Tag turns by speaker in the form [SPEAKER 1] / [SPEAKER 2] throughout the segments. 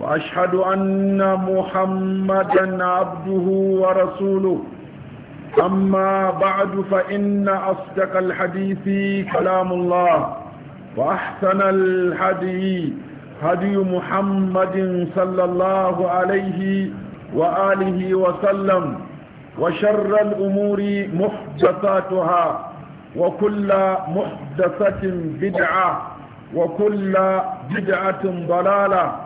[SPEAKER 1] وأشهد أن محمدا عبده ورسوله أما بعد فإن أصدق الحديث كلام الله وأحسن الهدي هدي محمد صلى الله عليه وآله وسلم وشر الأمور محدثاتها وكل محدثة بدعة وكل بدعة ضلالة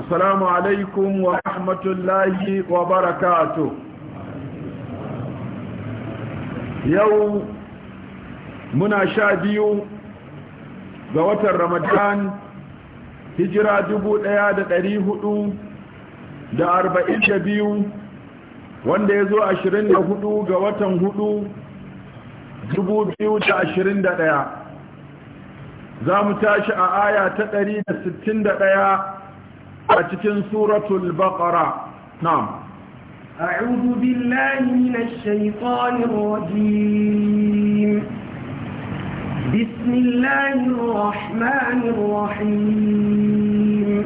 [SPEAKER 1] السلام عليكم ورحمة الله وبركاته muna منا شاديو غوات watan هجرة دبو dubu تريه da arba'in da biyu wanda ya zo ashirin da hudu ga watan hudu dubu biyu da ashirin da ɗaya za mu tashi a aya ta ɗari da sittin da ɗaya أتكن سورة البقرة نعم
[SPEAKER 2] أعوذ بالله من الشيطان الرجيم بسم الله الرحمن الرحيم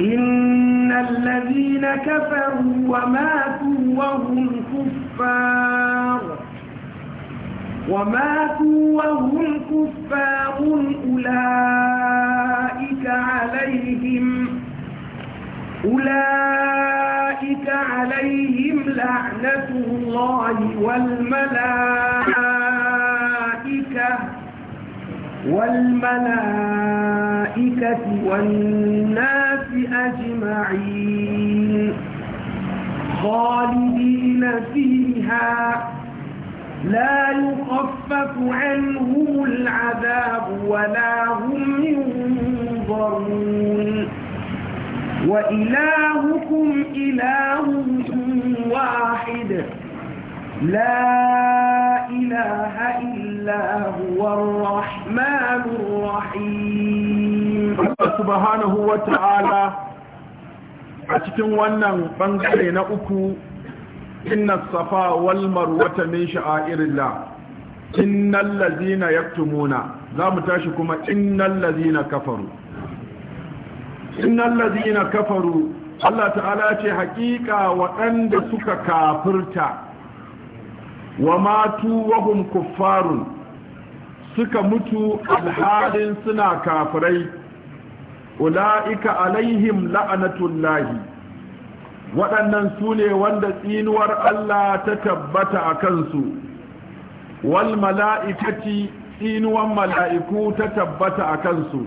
[SPEAKER 2] إن الذين كفروا وماتوا وهم كفار وماتوا وهم كفار أولئك أولئك عليهم أولئك عليهم لعنة الله والملائكة والملائكة والناس أجمعين خالدين فيها لا يخفف عنهم العذاب ولا هم ينظرون تنظرون وإلهكم إله واحد لا إله إلا هو الرحمن الرحيم
[SPEAKER 1] الله سبحانه وتعالى أتكن ونن بنغري نأكو إن الصفا والمروة من شعائر الله إن الذين يكتمون لا متاشكما إن الذين كفروا innal ladina kafaru Allah ta'ala ce hakika waɗanda suka kafirta wa matu wahum kuffarun suka mutu alhalin suna kafirai ula'ika alaihim la'anatullahi waɗannan su ne wanda tsinuwar Allah ta tabbata a kansu wal mala'ikati tsinuwan mala'iku ta tabbata a kansu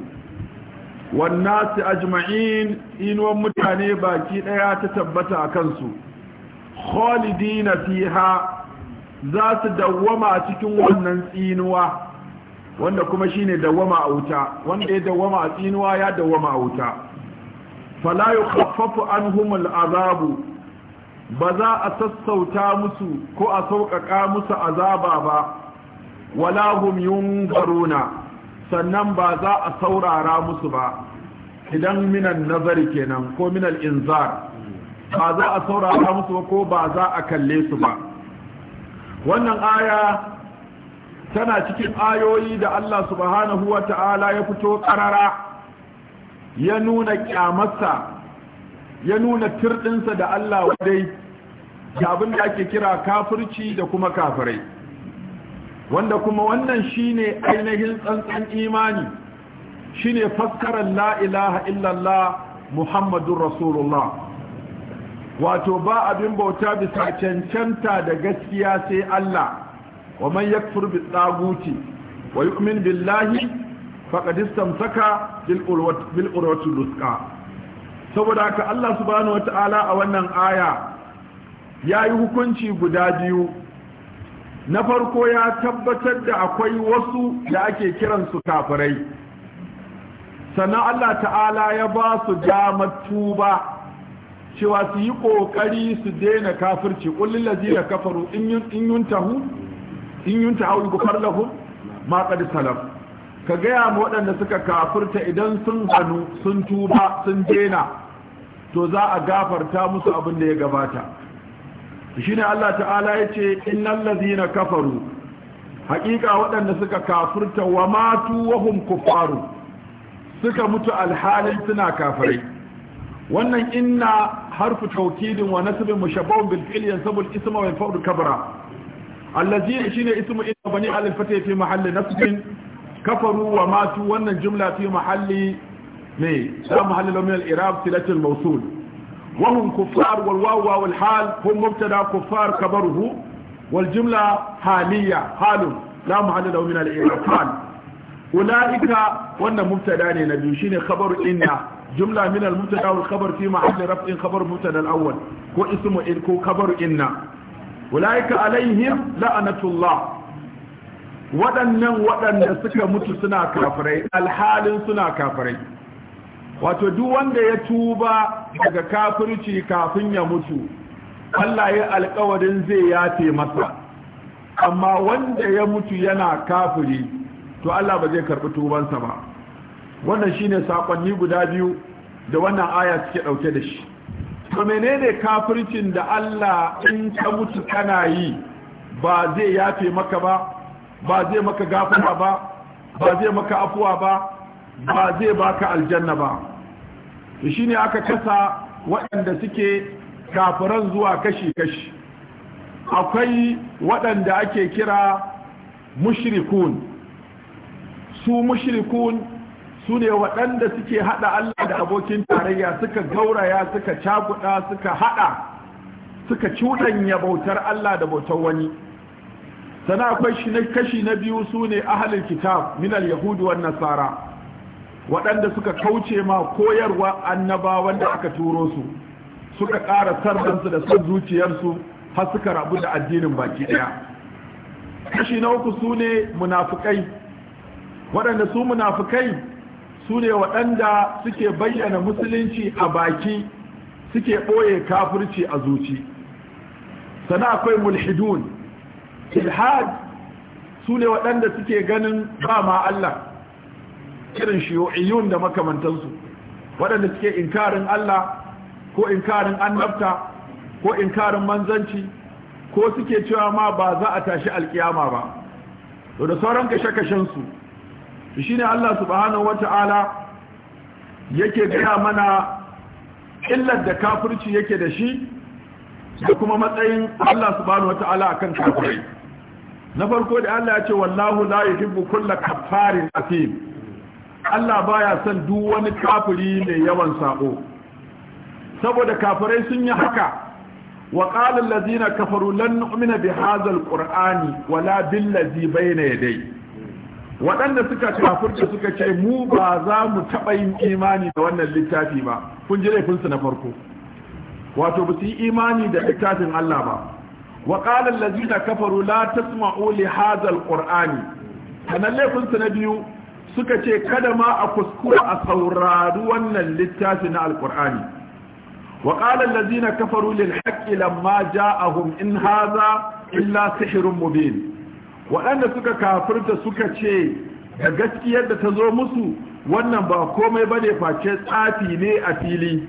[SPEAKER 1] wannasi ajma'in inuwan mutane baki daya ta tabbata a kansu khalidina fiha za su dawwama cikin wannan tsinuwa wanda kuma shine dawwama a wuta wanda ya dawwama a tsinuwa ya dawwama a wuta fala yukhaffafu anhum al'azabu ba za a sassauta musu ko a sauƙaƙa musu azaba ba wala hum yunzaruna sannan ba za a saurara musu ba idan minan nazari kenan ko minan inzar ba za a saurara musu ba ko ba za a kalle su ba wannan aya tana cikin ayoyi da Allah subhanahu wa ta'ala ya fito karara ya nuna kyamarsa ya nuna tirɗinsa da Allah wadai da abin da ake kira kafirci da kuma kafirai wanda kuma wannan shine ainihin tsantsan imani shine faskarar la ilaha illallah muhammadun rasulullah wato ba abin bauta bisa cancanta da gaskiya sai Allah wa man yakfur bi tsaguti wa yu'min billahi faqad istamsaka bil urwati luska saboda haka Allah subhanahu wataala a wannan aya yayi hukunci guda biyu na farko ya tabbatar da akwai wasu da ake kiransu kafirai sannan Allah ta'ala ya ba su damar tuba cewa su yi ƙoƙari su daina kafirci ƙullin lazi da kafaru in yuntahu in yuntahu gufar lahum ma qad salam ka gaya ma waɗanda suka kafirta idan sun hannu sun tuba sun daina to za a gafarta musu abin da ya gabata Shin Allah ta'ala yace innal ladhina kafaru hakika waɗanda suka kafurta wa matu wahum hum suka mutu alhalin suna kafirai wannan inna harfu tawkidin wa nasbin mushabbahun bil fi'li yansabu al isma wa yanfa'u kabra allazi shine ismu inna bani al fatih fi mahalli nasbin kafaru wa matu wannan jumla fi mahalli ne da mahalli min al i'rab silatul mawsul وهم كفار والواو الحال هم مبتدا كفار كبره والجملة حالية حال لا محل له من الإعراب أولئك وأن مبتدا نبي شين خبر إن جملة من المبتدا والخبر في محل رفع خبر مبتدا الأول هو اسم إن خبر إن أولئك عليهم لعنة الله waɗannan waɗanda suka mutu suna كافرين الحال suna كافرين wato duk wanda ya tuba daga kafirci kafin ya mutu Allah ya alkawarin zai yafe masa amma wanda ya mutu yana kafiri to Allah ba zai karbi tubansa ba wannan shine sakonni guda biyu da wannan aya suke dauke da shi to menene kafircin da Allah in ka mutu kana yi ba zai yafe maka ba ba zai maka gafara ba ba zai maka afuwa ba ba zai baka aljanna ba to shine aka kasa waɗanda suke kafiran zuwa kashi-kashi akwai waɗanda ake kira mushrikun su mushrikun su ne waɗanda suke haɗa Allah da abokin tarayya suka gauraya suka caguɗa, suka haɗa suka cuɗanya bautar Allah da bautar wani sana akwai shi na kashi na biyu su ne ahalin kitab minal yahudu wan nasara waɗanda suka kauce ma koyarwa annaba da aka turo su suka ƙara sarransu da son zuciyarsu har suka rabu da addinin baki ɗaya kashi na uku su ne munafukai waɗanda su munafukai su ne waɗanda suke bayyana musulunci a baki suke ɓoye kafirci a zuci sana akwai mulhidun ilhad su ne waɗanda suke ganin ba ma Allah irin shiyu'iyun da makamantansu waɗanda suke inkarin Allah ko inkarin annabta ko inkarin manzanci ko suke cewa ma ba za a tashi alkiyama ba to da sauran kashe-kashensu shi ne Allah subhanahu wata'ala yake gaya mana illar da kafirci yake da shi da kuma matsayin Allah subhanahu wata'ala akan kafirai na farko da Allah ya ce wallahu la yuhibbu kulla kaffarin asim Allah baya son duk wani kafiri mai yawan sako saboda kafirai sun yi haka wa qala allazina kafaru lan nu'mina bi hadha alqur'ani wala bil ladzi bayna yadayhi waɗanda suka kafirta suka ce mu ba za mu taɓa yin imani da wannan littafi ba kun ji laifinsu na farko wato ba su yi imani da littafin Allah ba wa qala allazina kafaru la tasma'u li hadha alqur'ani laifinsu na biyu suka ce kada ma a kuskura a saurari wannan littafi na alkur'ani wa qala allazina kafaru lil haqqi lamma ja'ahum in haza illa sihrun mubin waɗanda suka kafirta suka ce da gaskiyar da ta zo musu wannan ba komai ne face tsafi ne a fili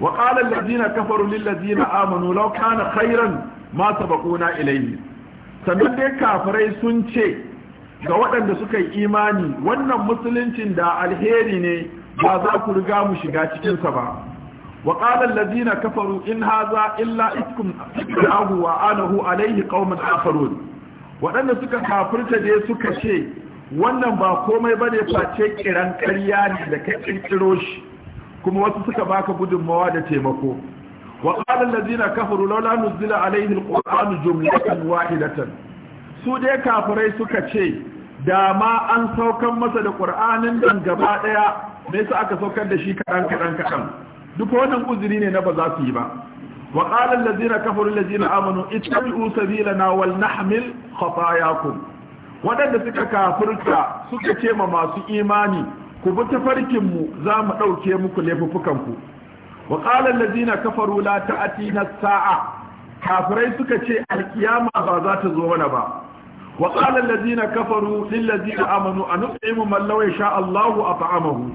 [SPEAKER 1] wa qala allazina kafaru lil ladina amanu law kana khairan ma sabaquna ilayhi sannan dai kafirai sun ce ga waɗanda suka yi imani wannan musuluncin da alheri ne ba za ku riga mu shiga cikinsa ba wa qala allazina kafaru in haza illa itkum ahu wa anahu alayhi qauman akharun waɗanda suka kafirta da suka ce wannan ba komai bane face kiran ƙarya ne da ka kirkiro shi kuma wasu suka baka gudunmawa da taimako wa qala allazina kafaru laula nuzila alayhi alqur'anu jumlatan wahidatan su dai kafirai suka ce da ma an saukan masa da ƙur'anin dan gaba ɗaya me yasa aka saukar da shi kaɗan kaɗan kaɗan duk wannan uzuri ne na ba za su yi ba wa qala allazina kafaru allazina amanu ittabi'u sabilana wal nahmil khatayakum waɗanda suka kafirta suka ce ma masu imani ku bi tafarkin mu za mu ɗauke muku laifukan ku wa qala allazina kafaru la ta'tina sa'a kafirai suka ce alkiyama ba za ta zo mana ba وقال الذين كفروا للذين آمنوا أنطعم من لو يشاء الله أطعمه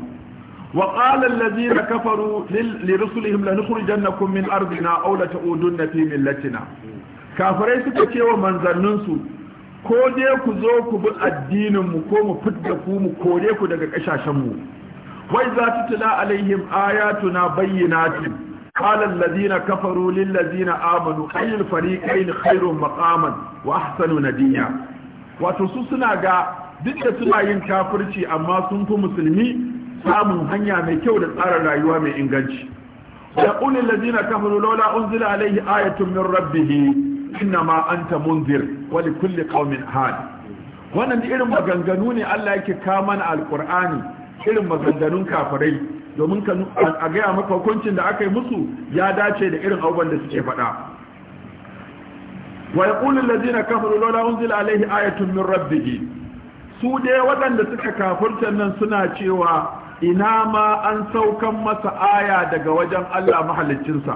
[SPEAKER 1] وقال الذين كفروا لرسلهم لنخرجنكم من أرضنا أو لتعودن في ملتنا kafirai suka ce wa manzanninsu ko je ku zo ku bi addininmu ko mu fidda ku mu kore ku daga ƙasashenmu wai za ta alaihim ayatuna bayyinatin قال الذين كفروا للذين آمنوا أي الفريقين خير مقاما وأحسن نديا suna غا duk suna yin kafirci amma sun fi musulmi samun hanya mai kyau da tsara rayuwa mai inganci da ƙunin lazina kafiru lola unzila alaihi ayatun min rabbihi inna ma anta munzir wa li kulli qaumin had wannan irin maganganu ne Allah yake kama na alqur'ani irin maganganun kafirai domin ka a gaya maka hukuncin da aka yi musu ya dace da irin abubuwan da suke faɗa wa yaqulu allazina kafaru lawla unzila alayhi ayatun min rabbih su dai waɗanda suka kafurta nan suna cewa ina ma an saukan masa aya daga wajen Allah mahaliccinsa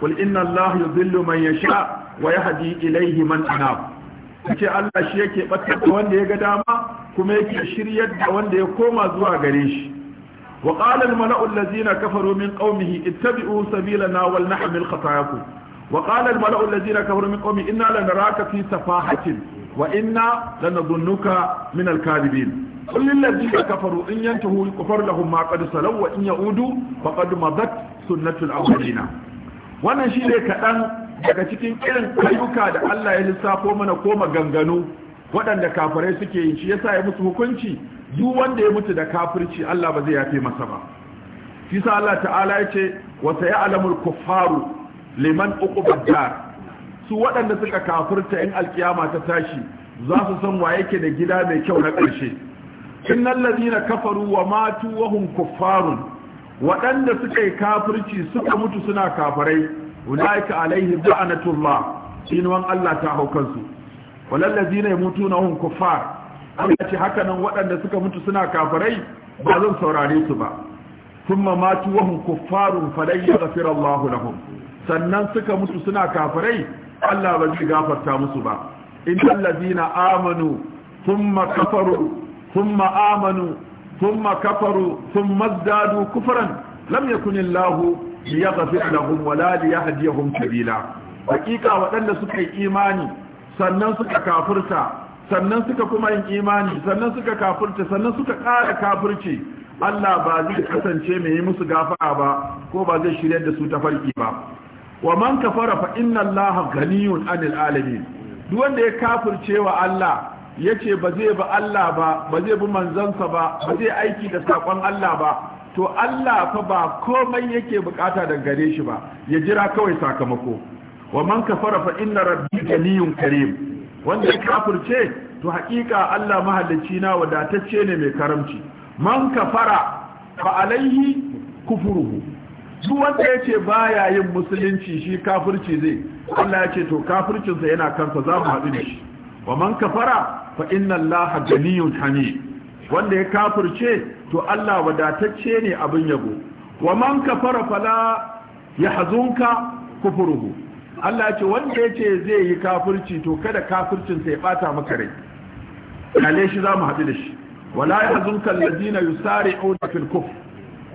[SPEAKER 1] qul inna allaha yudhillu man yasha wa yahdi ilayhi man anab ce Allah shi yake batar wanda ya ga dama kuma yake shiryar da wanda ya koma zuwa gare shi وقال الملأ الذين كفروا من قومه اتبعوا سبيلنا ولنحمل خطاياكم وقال الملأ الذين كفروا من قومه إنا لنراك في سفاحة وإنا لنظنك من الكاذبين قل للذين كفروا إن ينتهوا يكفر لهم ما قد سلوا وإن يعودوا فقد مضت سنة الأولين wannan shi ne kaɗan daga cikin irin ayyuka da Allah ya lissafo mana ko maganganu waɗanda kafirai suke yi shi yasa ya musu hukunci duk wanda ya mutu da kafirci Allah ba zai yafe masa ba shi sa Allah ta'ala ya ce wa sayalamul kuffaru liman uqubad dar su waɗanda suka kafirta in alkiyama ta tashi za su san wa yake da gida mai kyau na ƙarshe innal ladina kafaru wa matu wa hum kuffarun waɗanda suka yi kafirci suka mutu suna kafirai ulaika alaihim la'natullah wan Allah ta haukansu walal ladina yamutuna hum kuffar Allah ce haka nan waɗanda suka mutu suna kafirai ba zan saurare su ba thumma matu wa hum kuffarun falan yaghfira Allah lahum sannan suka mutu suna kafirai Allah ba zai gafarta musu ba innal ladina amanu thumma kafaru thumma amanu thumma kafaru thumma zadu kufran lam yakun Allah liyaghfir lahum wala liyahdihum sabila hakika waɗanda suka yi imani sannan suka kafirta sannan suka kuma yin imani sannan suka kafirce sannan suka ƙara kafirce Allah ba zai kasance mai yi musu gafara ba ko ba zai shirya da su ta farki ba wa man kafara fa inna Allah ganiyun anil alamin duk wanda ya kafirce wa Allah yace ba zai ba Allah ba ba zai bi manzansa ba ba zai aiki da sakon Allah ba to Allah fa ba komai yake bukata daga gare shi ba ya jira kawai sakamako wa man kafara fa inna rabbi ganiyun karim wanda ya kafirce to haƙiƙa Allah mahallaci na wadatacce ne mai karamci man kafara fa alaihi kufuruhu Su wanda yace baya yin musulunci shi kafirci zai Allah ya ce to kafircinsa yana kansa za mu haɗu da shi wa man kafara fa inna Allah ganiyun hani wanda ya kafirce to Allah wadatacce ne abin yabo wa man kafara fala yahzunka kufuruhu Allah ce wanda ya ce zai yi kafirci to kada kafircinsa ya bata maka rai kale shi za mu haɗu da shi wala ya hazun kallazina fil kuf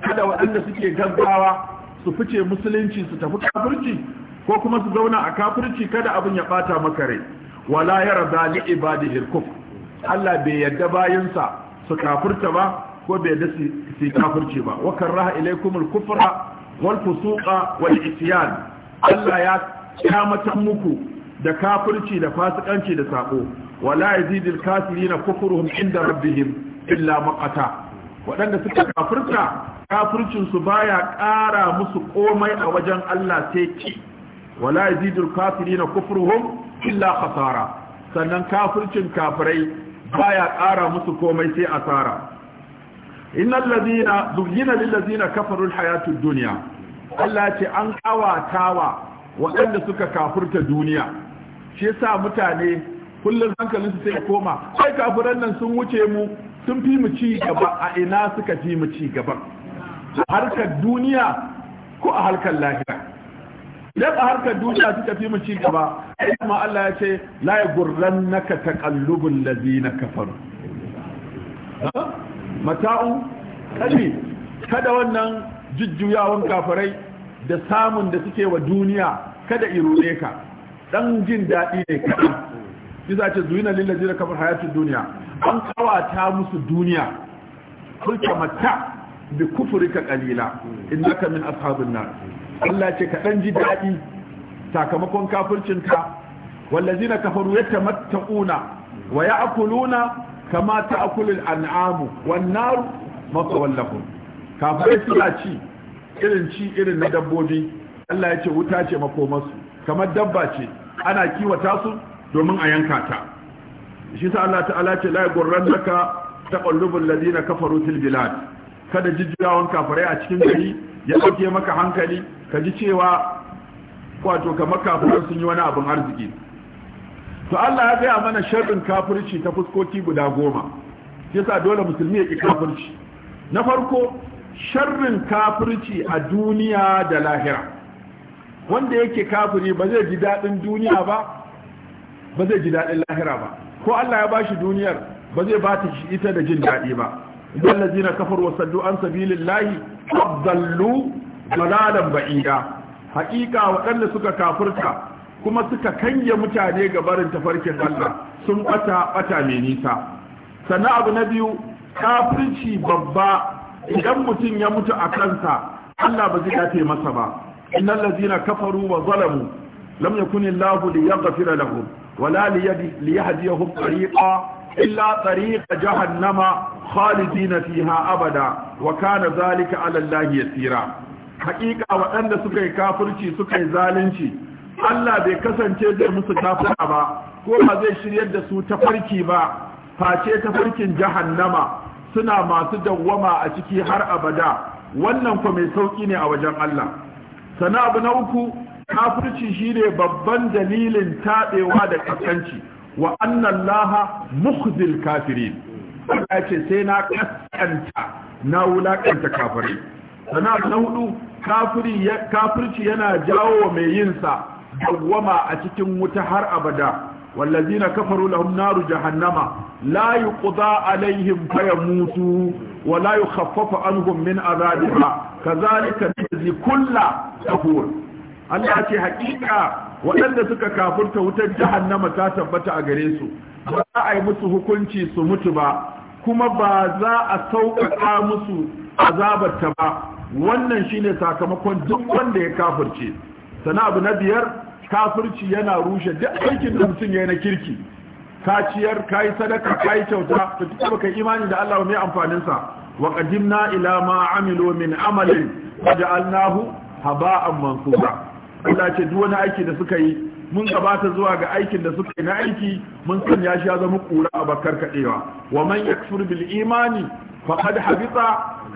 [SPEAKER 1] kada waɗanda suke gaggawa su fice musulunci su tafi kafirci ko kuma su zauna a kafirci kada abin ya bata maka rai wala ya li ibadihi al Allah bai yadda bayansa su kafirta ba ko bai yadda su kafirci ba wa karaha ilaykum al kufra wal fusuqa wal isyan Allah ya kyamatan muku da kafirci da fasikanci da sako wala yazidul kafirina kufruhum inda rabbihim illa maqata waɗanda suka kafirta kafircin su baya ƙara musu komai a wajen Allah sai ki wala yazidul kafirina kufruhum illa khasara sannan kafircin kafirai baya ƙara musu komai sai asara innal ladina zuyyina lil ladina kafaru al hayatud dunya Allah ce an kawatawa waɗanda suka kafurta duniya shi yasa mutane kullum hankalinsu sai koma ai kafiran nan sun wuce mu sun fi mu ci gaba a ina suka fi mu ci gaban a harkar duniya ko a harkar lahira idan a harkar duniya suka fi mu ci gaba ai kuma Allah ya ce la naka taqallubul ladina kafaru mata'u kadi kada wannan jujjuyawan kafirai da samun da suke wa duniya kada irure ka dan jin daɗi ne kaɗan kisa ce zuwina lillaji da kamar hayatun duniya an kawata musu duniya kulka mata bi kufurika kalila naka min ashabin nar Allah ce ka dan ji daɗi sakamakon kafircinka wallazina kafaru yatamatta'una wa akuluna kama akulul an'amu Wannan nar kafirai suna ci irin ci irin na dabbobi Allah ya ce wuta ce makomarsu kamar dabba ce ana kiwata su domin a yanka ta shi sa Allah ta'ala ce la yagurrannaka taqallubul ladina kafaru fil bilad kada jijjiyawan kafirai a cikin gari ya dauke maka hankali ka ji cewa wato kamar kafirai sun yi wani abin arziki to Allah ya gaya mana sharɗin kafirci ta fuskoki guda goma sa dole musulmi ya ki kafirci na farko sharrin kafirci a duniya da lahira wanda yake kafiri ba zai ji daɗin duniya ba ba zai ji daɗin lahira ba ko Allah ya bashi duniyar ba zai ba shi ita da jin daɗi ba idan lazina kafar wasaddu an sabilillahi abdallu malalan ba'ida haƙiƙa waɗanda suka kafirta kuma suka kanye mutane ga barin tafarkin Allah sun bata bata mai nisa sannan abu na biyu kafirci babba idan mutum ya mutu a kansa Allah ba zai dace masa ba innal ladina kafaru wa zalamu lam yakun illahu liyaghfira lahum wala liyahdiyahum tariqa illa tariq jahannama khalidina fiha abada wa kana zalika ala Allah yasira hakika waɗanda suka yi kafirci suka yi zalunci Allah bai kasance da musu kafira ba ko ba zai shiryar da su tafarki ba face tafarkin jahannama suna masu dawwama a ciki har abada wannan ku mai sauki ne a wajen Allah sana abu na uku kafirci shine babban dalilin tabewa da kaskanci wa anna allaha mukhzil kafirin Allah ce sai na kaskanta na wulakanta kafirai sana na hudu kafirci yana jawo mai yinsa dawwama a cikin wuta har abada والذين كفروا لهم نار جهنم لا يقضى عليهم فيموتوا ولا يخفف عنهم من عذابها كذلك نجزي كل كفور Allah ce hakika waɗanda suka kafurta wutar jahannama ta tabbata a gare su ba za a yi musu hukunci su mutu ba kuma ba za a sauƙaƙa musu azabarta ba wannan shine sakamakon duk wanda ya kafurce sana abu na biyar kafirci yana rushe duk aikin da mutum yayi na kirki ka ciyar ka sadaka ka kyauta to kika baka imani da Allah mai amfanin sa wa qadimna ila ma amilu min amalin faj'alnahu haba'an mansura Allah ce duk wani aiki da suka yi mun gabata zuwa ga aikin da suka yi na aiki mun sanya ya sha zama kura a bakar kadewa wa man yakfur bil imani faqad habita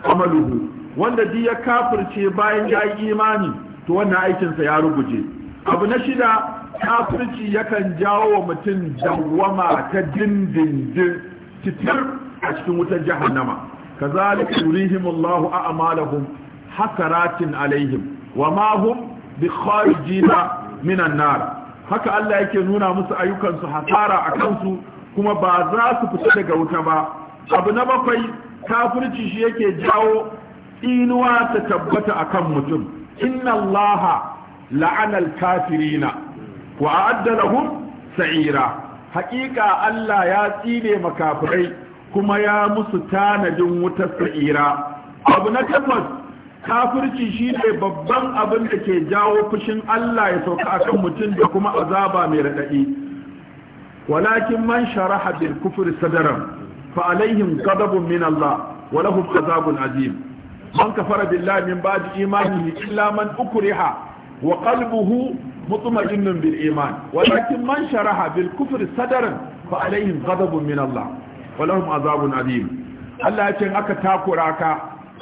[SPEAKER 1] amaluhu wanda duk ya kafirce bayan ya yi imani to wannan aikin sa ya ruguje abu na shida kafirci yakan jawo wa mutum dawwama ta dindindin titir a cikin wutar jahannama kazalika yurihimullahu a'malahum hasaratin alaihim wa ma hum bi kharijina minan nar haka Allah yake nuna musu ayyukansu hasara a kansu kuma ba za su fita daga wuta ba abu na bakwai kafirci shi yake jawo inuwa ta tabbata akan mutum inna allaha La'anar kafirina wa a'adda lahum sa'ira haƙiƙa Allah ya tsine makafirai kuma ya musu tanadin wutar sa'ira abu na tabbas kafirci shine babban abin da ke jawo fushin Allah ya sauka akan mutum da kuma azaba mai raɗaɗi walakin man sharaha bil kufri sadaran fa alaihim ghadabun min Allah wa lahum azabun azim man kafara billahi min ba'di imanihi illa man ukriha wa qalbuhu mutma'innun bil iman walakin man sharaha bil kufri sadran fa alaihim ghadabun min Allah wa Allah ya ce aka takura ka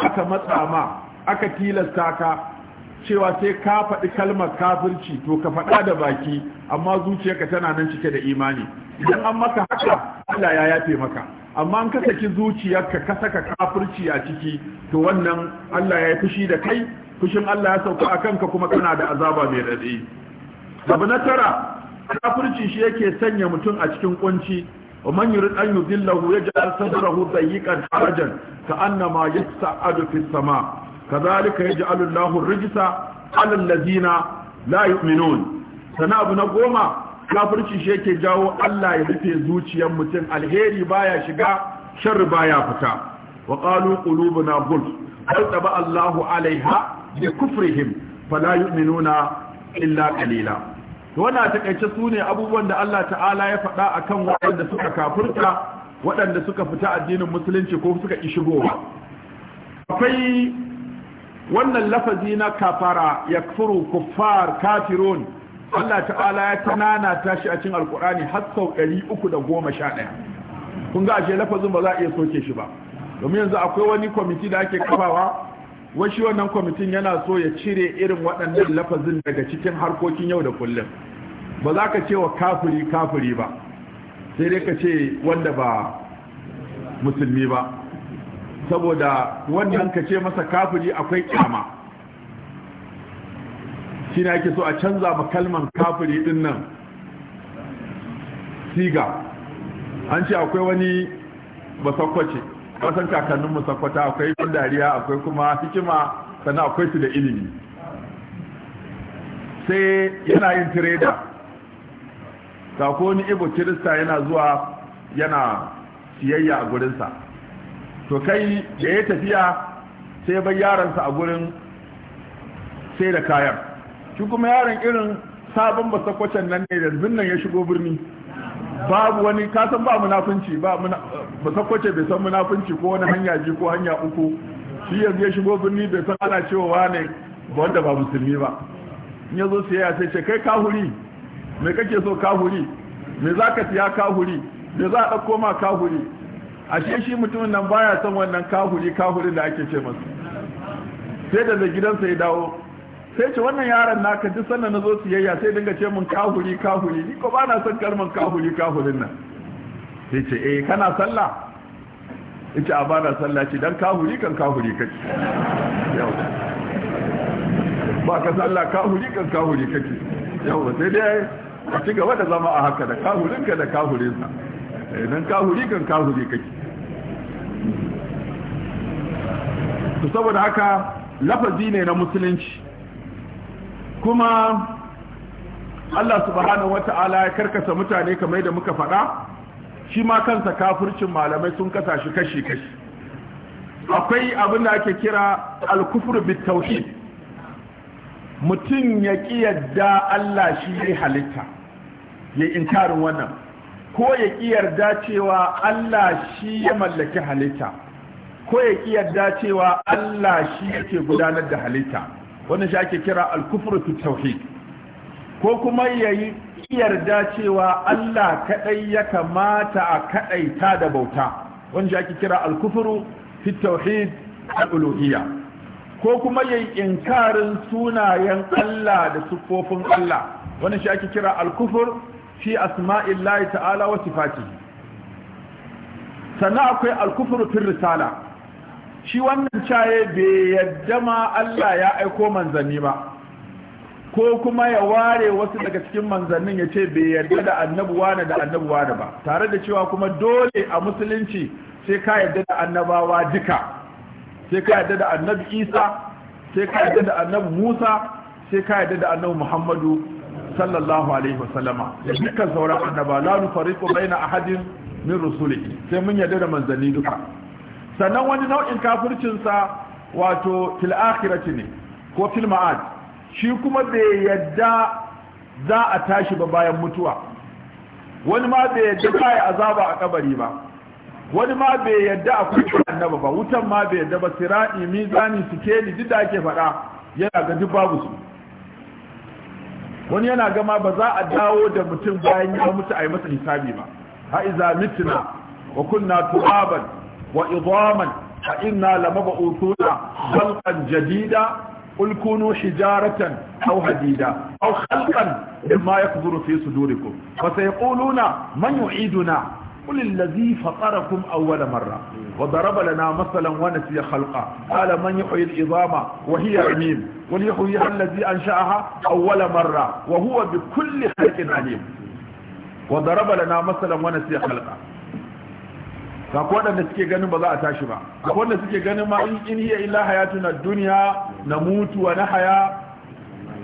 [SPEAKER 1] aka matsa ma aka tilasta ka cewa sai ka faɗi kalmar kafirci to ka faɗa da baki amma zuciyarka tana nan cike da imani idan an maka haka Allah ya yafe maka amma in ka saki zuciyarka ka saka kafirci a ciki to wannan Allah ya yi fushi da kai fushin Allah ya sauka a kanka kuma kana da azaba mai daɗi abu na tara kafirci shi yake sanya mutum a cikin kunci wa man yurid an yudillahu yaj'al sadrahu dayyqan harajan ka'annama sa'adu fi sama kadhalika yaj'alu Allahu alullahu rijsa 'ala allazina la minun. sana abu na goma kafirci shi yake jawo Allah ya rufe zuciyar mutum alheri baya shiga sharri baya fita wa qalu qulubuna gulf hal taba Allahu alaiha bi kufrihim fala yu'minuna illa qalila to wannan takeice sune abubuwan da Allah ta'ala ya faɗa akan waɗanda suka kafirta waɗanda suka fita addinin musulunci ko suka ki shigowa akwai wannan lafazi na kafara yakfuru kuffar kafirun Allah ta'ala ya tanana tashi a cikin alkurani har sau 311 kun ga ashe lafazin ba za a iya soke shi ba domin yanzu akwai wani kwamiti da ake kafawa washi wannan kwamitin yana so ya cire irin waɗannan lafazin daga cikin harkokin yau da kullum ba za ka ce wa kafiri kafiri ba sai dai ka ce wanda ba musulmi ba saboda wannan ka ce masa kafiri akwai kyama shi ne ake so a canza ma kalman kafiri din nan siga an ce akwai wani basakwace wasan kakannin musakwata akwai kun dariya akwai kuma hikima sannan akwai su da ilimi sai yana yin tireda ga ni ibo kirista yana zuwa yana siyayya a gurinsa to kai da ya tafiya sai bai yaransa a gurin sai da kayan shi kuma yaron irin sabon basakwacen nan ne da nan ya shigo birni babu wani kasan ba munafunci ba sakwace bai san munafunci ko wani hanya ji ko hanya uku shi yanzu ya shigo birni bai san ana cewa ne wanda ba musulmi ba in ya zo ya sai ce kai kahuri me kake so kahuri me za ka siya kahuri me za a ɗauko ma kahuri ashe shi mutumin nan baya son wannan kahuri kahuri da ake ce masa sai da gidansa ya dawo sai ce wannan yaron naka duk sannan na zo siyayya sai dinga ce mun kahuri kahuri ni ko ba na son kalmar kahuri kahurin nan sai ce eh kana sallah ita a ba na sallah ce dan kahuri kan kahuri kake yau ba ka sallah kahuri kan kahuri kake yau sai dai a ci gaba da zama a haka da kahurinka da kahurinsa eh, dan kahuri kan kahuri kake to saboda haka lafazi ne na musulunci kuma Allah subhanahu wata'ala ya karkasa mutane kamar da muka faɗa shi ma kansa kafircin malamai sun kasa shi kashi-kashi akwai abin da ake kira alkufur bitauhid mutum ya ƙi yadda Allah shi ya halitta ya inkarin wannan ko ya ƙi yarda cewa Allah shi ya mallaki halitta ko ya ƙi yarda cewa Allah shi yake gudanar da halitta wannan shi ake kira al fi tauhid ko kuma yayi yarda cewa Allah kadai ya kamata a kadaita da bauta wannan shi ake kira al fi tauhid al-uluhiyya ko kuma yayi inkarin sunayen Allah da sifofin Allah wannan shi ake kira al fi asma'illahi ta'ala wa sifatihi sannan akwai al fin fi risala shi wannan caye bai yadda ma Allah ya aiko manzanni ba ko kuma ya ware wasu daga cikin manzannin ya ce bai yarda da annabuwa da annabuwa da ba tare da cewa kuma dole a musulunci sai ka yarda da annabawa duka sai ka yarda da annabi isa sai ka yarda da annabi musa sai ka yarda da annabi muhammadu sallallahu alaihi wasallama da dukkan sauran annaba la nufariqu baina ahadin min rusulihi sai mun yarda da manzanni duka sannan wani nau'in kafircinsa wato fil ne ko fil shi kuma bai yadda za a tashi ba bayan mutuwa wani ma bai yadda kai azaba a kabari ba wani ma bai yadda akwai annaba ba wutan ma bai yadda ba sirani mizani sikeli duk da ake faɗa yana ga duk babu su wani yana gama ba za a dawo da mutum bayan ya mutu a yi masa hisabi ba ha iza mitna wa kunna turaban وإضاما فإنا لمبعوثون خلقا جديدا قل كونوا حجارة أو هديدا أو خلقا مما يكبر في صدوركم فسيقولون من يعيدنا قل الذي فطركم أول مرة وضرب لنا مثلا ونسي خلقه قال من يحيي العظام وهي عميم قل يحييها الذي أنشأها أول مرة وهو بكل خلق عليم وضرب لنا مثلا ونسي خلقه ga waɗanda suke ganin ba za a tashi ba ga waɗanda suke ganin ma in in hiya illa hayatuna dunya na mutu wa na haya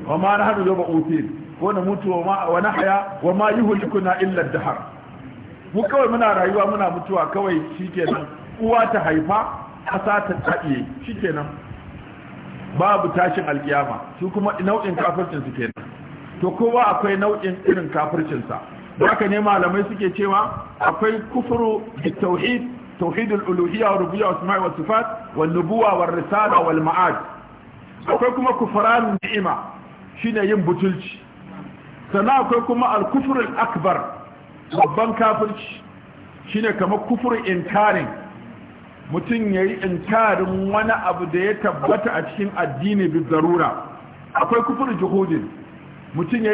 [SPEAKER 1] wa ma na hadu ba utin ko na mutu wa na haya wa ma yuhlikuna illa dahar mu kawai muna rayuwa muna mutuwa kawai shikenan uwa ta haifa ƙasa ta tsaye shikenan babu tashin alkiyama su kuma nau'in kafircin su kenan to kowa akwai nau'in irin kafircinsa haka ne malamai suke cewa akwai kufuru da tauhid tauhidul uluhiyya wa rububiyya wa asma'i wa sifat wa nubuwa wal risala al ma'ad akwai kuma kufran ni'ima shine yin butulci sannan akwai kuma al kufrul akbar babban kafirci shine kamar kufurin inkarin mutum yayi inkarin wani abu da ya tabbata a cikin addini bi zarura akwai kufurin juhudin mutum ya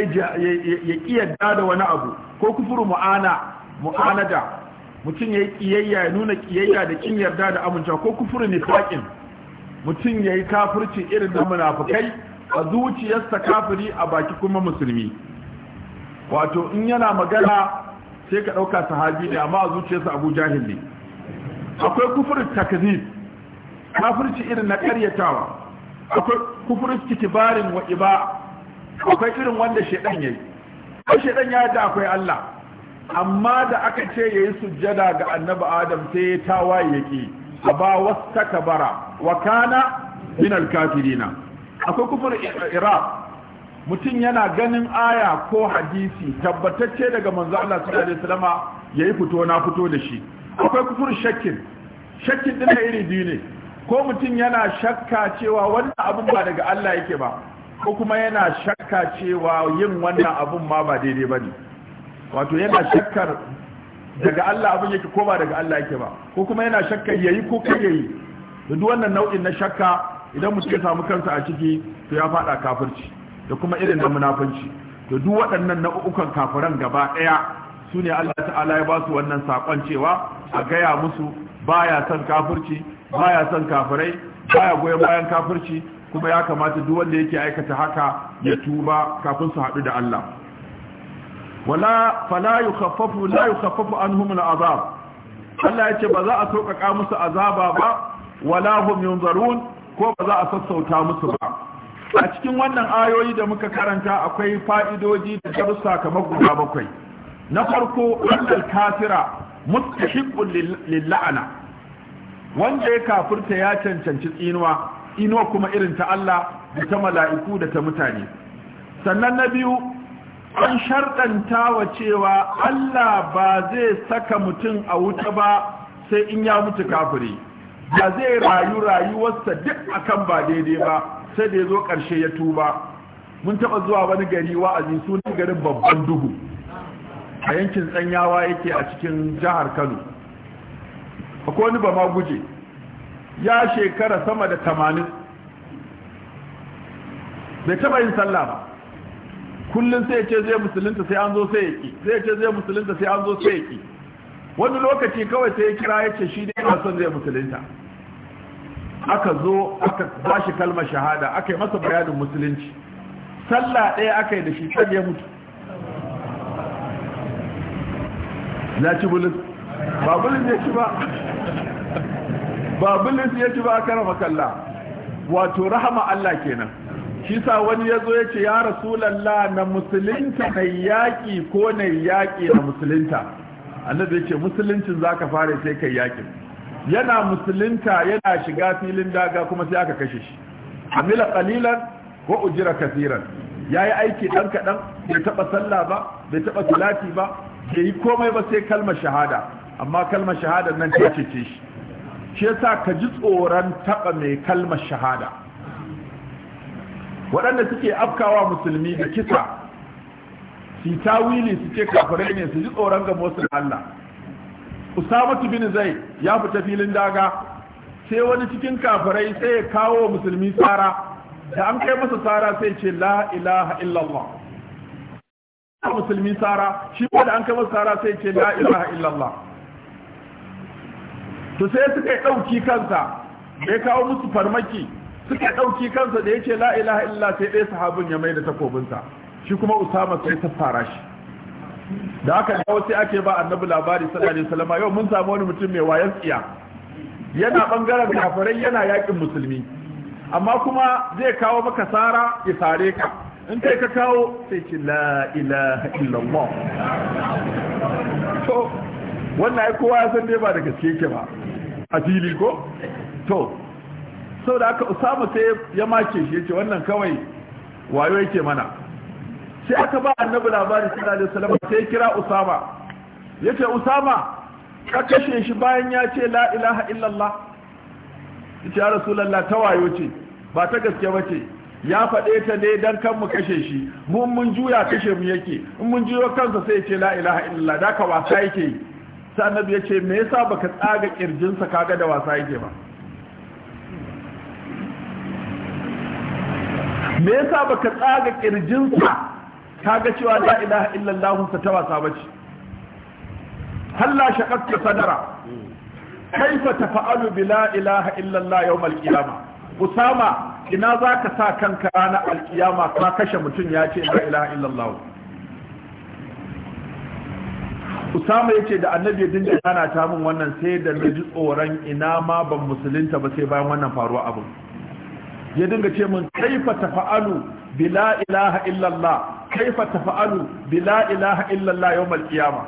[SPEAKER 1] ƙiyarda da wani abu ko kufuru mu'ana mu'anada mutum ya yi kiyayya ya nuna kiyayya da kin yarda da amincewa ko kufuru nifaƙin mutum ya yi kafirci irin na munafukai a zuciyarsa kafiri a baki kuma musulmi wato in yana magana sai ka ɗauka sahabi ne amma a zuciyarsa abu jahil ne akwai kufurin takzib kafirci irin na karyatawa akwai kufurin kitibarin wa iba akwai irin wanda shedan yayi ko shaidan ya da akwai Allah amma da aka ce yayi sujjada ga annabi Adam sai ya tawaye yake ba wastakbara wa kana min alkafirina akwai kufur iraq mutum yana ganin aya ko hadisi tabbatacce daga manzo Allah sallallahu alaihi wasallama yayi fito na fito da shi akwai kufur shakkin shakkin na iri biyu ne ko mutum yana shakka cewa wannan abun ba daga Allah yake ba ko kuma yana shakka cewa yin wannan abun ma ba daidai ba ne wato yana shakkar daga Allah abin yake ko ba daga Allah yake ba ko kuma yana shakkar yayi ko kai yayi duk wannan nau'in na shakka idan mutum ya samu kansa a ciki to ya fada kafirci da kuma irin da munafunci to duk waɗannan nau'ukan kafiran gaba ɗaya su ne Allah ta'ala ya ba su wannan saƙon cewa a gaya musu baya son kafirci baya son kafirai baya goyon bayan kafirci kuma ya kamata duk wanda yake aikata haka ya tuba kafin su haɗu da Allah wala fala yukhaffafu la yukhaffafu anhum al'azab Allah yace ba za a sauƙaƙa musu azaba ba wala hum yunzarun ko ba za a sassauta musu ba a cikin wannan ayoyi da muka karanta akwai fa'idoji da darussa kamar guda bakwai na farko annal kafira mustahiqqun lil wanda ya kafirta ya cancanci tsinuwa ino kuma irin ta Allah da ta mala'iku da ta mutane sannan na biyu an sharɗanta wa cewa Allah ba zai saka mutum a wuta ba sai in ya mutu kafiri ba zai rayu rayuwarsa duk akan ba daidai ba sai da ya zo ƙarshe ya tuba mun taɓa zuwa wani gari wa'azi sunan garin babban duhu a yankin tsanyawa yake a cikin jihar kano akwai wani ba ma guje ya shekara sama da tamanin bai taba yin sallah ba kullum sai ce zai musulunta sai an zo sai ya ki sai ce zai musulunta sai an zo sai ya ki wani lokaci kawai sai ya kira ya ce shi dai yana son zai musulunta aka zo aka bashi kalmar shahada aka yi masa bayanin musulunci sallah ɗaya aka yi da shi kan ya mutu na ci bulus ba bulus ne ci ba ba bilis ya ci ba karama kalla wato rahama Allah kenan shi sa wani ya zo ya ce ya rasulallah na musulunta na yaƙi ko na yaƙi na musulunta annabi ya ce musuluncin za ka fara sai kai yaƙin yana musulunta yana shiga filin daga kuma sai aka kashe shi amila kalilan ko ujira kasiran yayi aiki ɗan kaɗan, bai taba sallah ba bai taɓa salati ba bai yi komai ba sai kalmar shahada amma kalmar shahada nan ta cece shi shi yasa ka ji tsoron taba mai kalmar shahada waɗanda suke afkawa musulmi da kisa su wili su ce kafirai ne su ji tsoron ga musul Allah Usamatu bin Zai ya fita filin daga sai wani cikin kafirai sai ya kawo musulmi tsara da an kai masa tsara sai ce la ilaha illallah musulmi tsara shi ko da an kai masa tsara sai ce la ilaha illallah to sai suka yi ɗauki kansa da kawo musu farmaki suka ɗauki kansa da ya ce la ilaha illa sai ɗaya sahabin ya mai da takobinsa shi kuma usama sai ta fara shi da aka dawo sai ake ba annabi labari sallallahu alaihi wasallam yau mun sami wani mutum mai wayan tsiya yana bangaren kafirai yana yakin musulmi amma kuma zai kawo maka sara ya sare ka in kai ka kawo sai ce la ilaha illallah to wannan ai kowa ya san dai ba da gaske ke ba a fili ko to sau da aka usama sai ya make shi yace wannan kawai wayo yake mana sai aka ba annabi labari sallallahu alaihi wasallam sai kira usama yace usama ka kashe shi bayan ya ce la ilaha illallah yace ya rasulullah ta wayo ce ba ta gaske ba ce ya faɗe ta ne dan kan mu kashe shi mun mun juya kashe mu yake in mun juyo kansa sai ya ce la ilaha illallah da ka wasa yake yi sai ya ce me yasa baka tsaga kirjinsa kaga da wasa yake ba me yasa baka tsaga kirjinsa kaga cewa la ilaha illallah sa ta wasa bace halla shaqatta sadara kaifa tafa'alu bi la ilaha illallah yawm al-qiyamah usama ina zaka sa kanka ranar al-qiyama ka kashe mutun ya ce la ilaha illallah usama ya ce da annabi ya dinga kana ta min wannan sai da na ji tsoron ina ma ban musulunta ba sai bayan wannan faruwa abin ya dinga ce min kaifa tafa'alu bila ilaha illallah kaifa tafa'alu bila ilaha illallah yawmal qiyama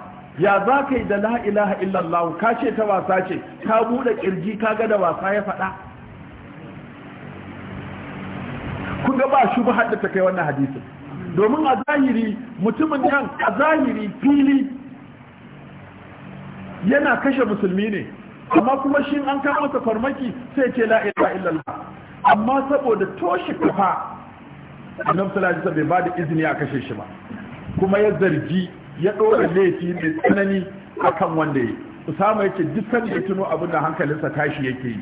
[SPEAKER 1] ya za ka da la ilaha illallah ka ce ta wasa ce ka bude kirji ka ga da wasa ya faɗa kun ga ba shi ba da ta kai wannan hadisin domin a zahiri mutumin nan a zahiri fili yana kashe musulmi ne amma kuma shi an kawo masa farmaki sai ce la ilaha illallah amma saboda toshe kafa annabi sallallahu alaihi bai bada izini a kashe shi ba kuma ya zargi ya dora laifi mai tsanani akan wanda ya usama yake duk sanda ya tuno abin da hankalinsa tashi yake yi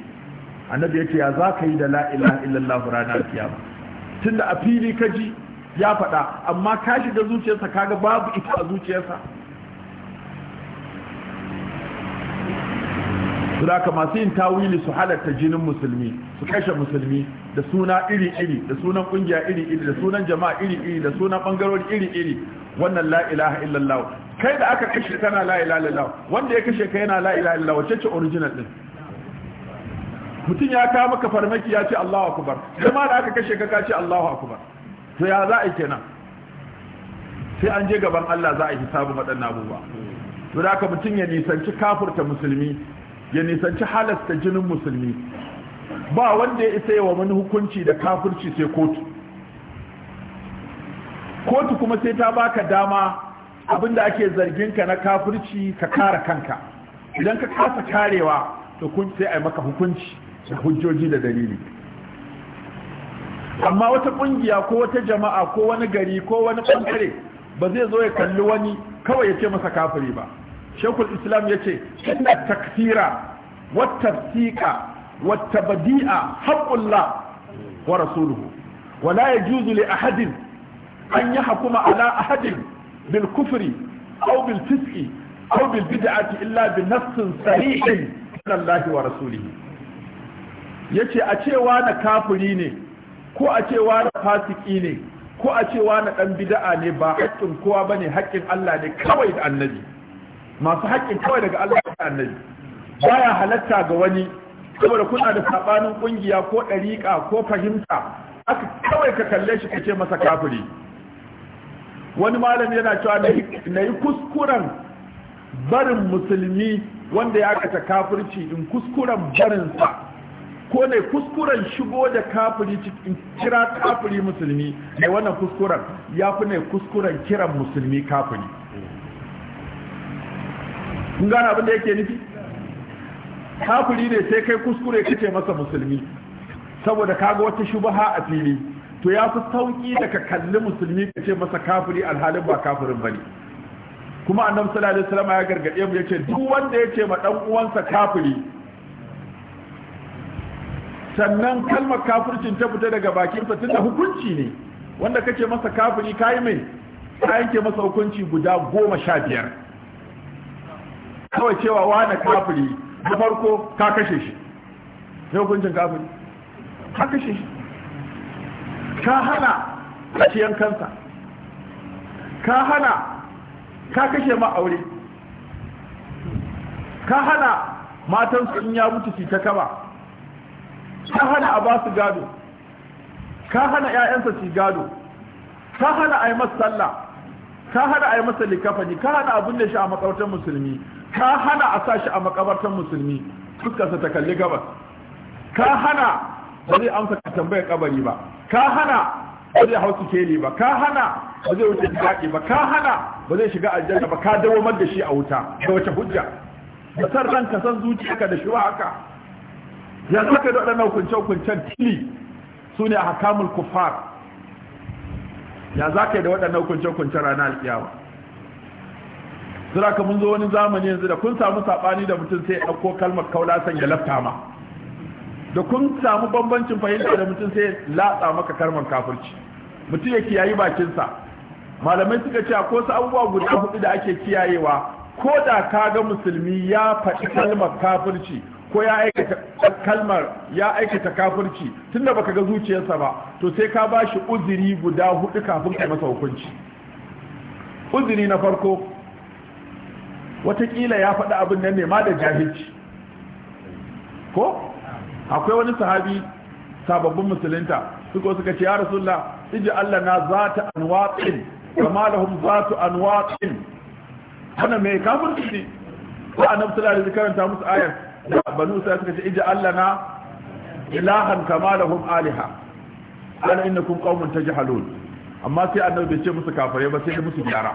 [SPEAKER 1] annabi yace ya za ka yi da la ilaha illallah ranar kiyama tunda a fili kaji ya faɗa amma ka shiga zuciyarsa kaga babu ita a zuciyarsa su masu yin tawili su halatta jinin musulmi su kashe musulmi da suna iri-iri da sunan kungiya iri-iri da sunan jama'a iri-iri da sunan bangarori iri-iri wannan la'ilaha ilaha illallah kai da aka kashe kana la'ilaha ilaha illallah wanda ya kashe kai yana la'ilaha ilaha illallah wacce ce original din mutum ya kawo maka farmaki ya ce Allahu akubar. kuma da aka kashe ka ka ce Allahu akubar. to ya za a kenan sai an je gaban Allah za a yi hisabu waɗannan abubuwa to da haka mutum ya nisanci kafurta musulmi ya nisanci halasta jinin musulmi ba wanda ya isa yawa wani hukunci da kafirci sai kotu kotu kuma sai ta baka dama abinda ake zargin ka na kafirci ka kare kanka idan ka kasa karewa to kun sai ai maka hukunci da hujjoji da dalili amma wata kungiya ko wata jama'a ko wani gari ko wani bangare ba zai zo ya kalli wani kawai ya ce masa kafiri ba shekul islam ya ce inda takfira wata fiƙa wata badi'a haƙullah wa rasuluhu wala ya juzu li ahadin an yi hakuma ala ahadin bil kufri au bil fiski au bil bid'ati illa bi nassin sarihin lallahi wa rasulihi yace a cewa na kafiri ne ko a cewa na fasiki ne ko a cewa na dan bid'a ne ba haƙƙin kowa bane haƙƙin Allah ne kawai da annabi masu haƙƙin kawai daga Allah da annabi baya halatta ga wani saboda kuna da sabanin kungiya ko ɗariƙa ko fahimta aka kawai ka kalle shi kace masa kafiri wani malam yana cewa na yi kuskuren barin musulmi wanda ya kata kafirci in kuskuren barinsa ko ne kuskuren shigo da kafiri cikin kira kafiri musulmi ne wannan kuskuren ya fi ne kuskuren kiran musulmi kafiri kun gane abin da yake nufi kafiri ne sai kai kuskure kace masa musulmi saboda kaga wata shubaha a fili to ya fi sauki da ka kalli musulmi ka ce masa kafiri alhalin ba kafirin bane kuma annabi sallallahu alaihi wasallam ya gargaɗe mu yace duk wanda yace ma dan uwansa kafiri sannan kalmar kafircin ta fita daga bakinsa tunda hukunci ne wanda kace masa kafiri kai mai ka yanke masa hukunci guda goma sha biyar kawai cewa wane kafiri na farko ka kashe shi ne hukuncin kafiri ka kashe shi ka hana a ciyan kansa ka hana ka kashe ma aure ka hana matan in ya mutu su ta kama ka hana a ba su gado ka hana 'ya'yansa su gado ka hana a yi masa sallah ka hana a yi masa likafani ka hana abin da shi a matsautar musulmi ka hana a sashi a makabartar musulmi fuskarsa ta kalli gabas ka hana ba zai amsa ka tambaya kabari ba ka hana ba zai hau sikeli ba ka hana ba zai wuce daɗi ba ka hana ba zai shiga aljanna ba ka mar da shi a wuta da wace hujja da san ka san zuciyarka da shuwa haka yanzu kai da waɗannan hukunce-hukuncen tili su ne a hakamul kufar ya za ka yi da waɗannan hukunce-hukuncen ranar alkiyama sura ka mun zo wani zamani yanzu da kun samu sabani da mutum sai ya ko kalmar san ya lafta ma da kun samu bambancin fahimta da mutum sai latsa maka kalmar kafirci mutum ya kiyayi bakinsa malamai suka ce ko su abubuwa guda hudu da ake kiyayewa ko da ka ga musulmi ya faɗi kalmar kafirci ko ya aikata kalmar ya aikata kafirci tunda baka ga zuciyarsa ba to sai ka bashi uzuri guda hudu kafin kai masa hukunci uzuri na farko watakila ya faɗi abin nan ne ma da jahilci ko akwai wani sahabi sababbin musulunta suka suka ce ya rasulullah iji Allah na zata anwatin kama lahum zatu anwatin wannan mai kafin su ne ko annabi sallallahu alaihi karanta musu ayar da banu sai suka ce iji Allah na ilahan kama lahum aliha ala innakum qaumun tajhalun amma sai annabi bai ce musu kafare ba sai musu gyara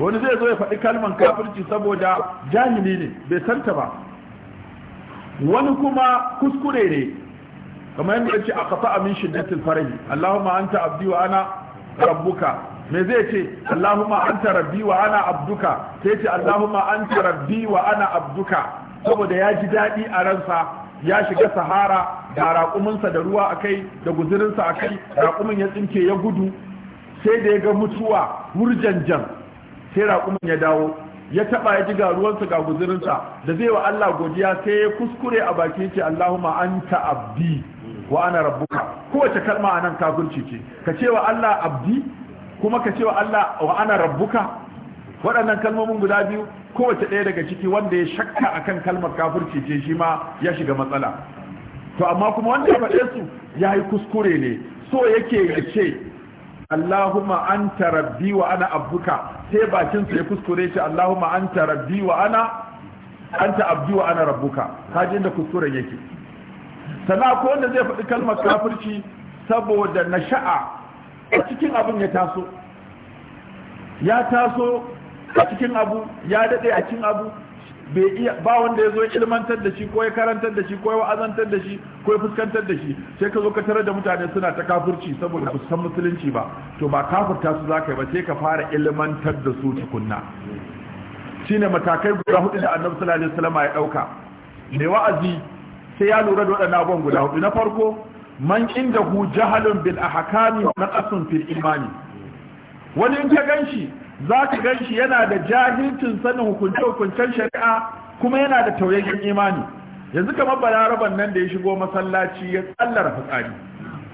[SPEAKER 1] wani zai zo ya faɗi kalman kafirci saboda jahili ne bai santa ba wani kuma kuskure ne kamar yadda a kafa amin shiddatil farahi allahumma anta abdi wa ana rabbuka me zai ce allahumma anta rabbi wa ana abduka sai ce allahumma anta rabbi wa ana abduka saboda ya ji daɗi a ransa ya shiga sahara da raƙuminsa da ruwa a kai da guzurinsa a kai raƙumin ya tsinke ya gudu sai da ya ga mutuwa wurjanjan sai raƙumin ya dawo ya taɓa ya ji ga ruwansa ga guzurinsa da zai wa Allah godiya sai ya kuskure a baki ce Allahumma anta abdi wa ana rabbuka kowace kalma anan kafirci ce ka ce wa Allah abdi kuma ka ce wa Allah wa ana rabbuka waɗannan kalmomin guda biyu kowace ɗaya daga ciki wanda ya shakka akan kalmar kafirci ce shi ma ya shiga matsala to amma kuma wanda ya faɗe su ya yi kuskure ne so yake ya ce Allahumma anta rabbi wa ana abduka sai bakin sa ya kuskure shi Allahumma anta rabbi wa ana anta abdi wa ana rabbuka kaji inda kuskuren yake sana ko wanda zai faɗi kalmar kafirci saboda nasha'a a cikin abin ya taso ya taso a cikin abu ya daɗe a cikin abu bai iya ba wanda ya zo ya ilmantar da shi ko ya karantar da shi ko ya wa'azantar da shi ko ya fuskantar da shi sai ka zo ka tarar da mutane suna ta kafurci saboda ba su san musulunci ba to ba kafurta su za ka yi ba sai ka fara ilmantar da su tukunna shine matakai guda hudu da annabi sallallahu alaihi wasallam ya dauka mai wa'azi sai ya lura da waɗannan abubuwan guda hudu na farko man inda hu jahalun bil ahkami wa naqasun fil imani wani in ka ganshi za ka gan shi yana da jahilcin sanin hukunce-hukuncen shari'a kuma yana da tauyayyen imani yanzu kamar balaraban nan da ya shigo masallaci ya tsallara fitsari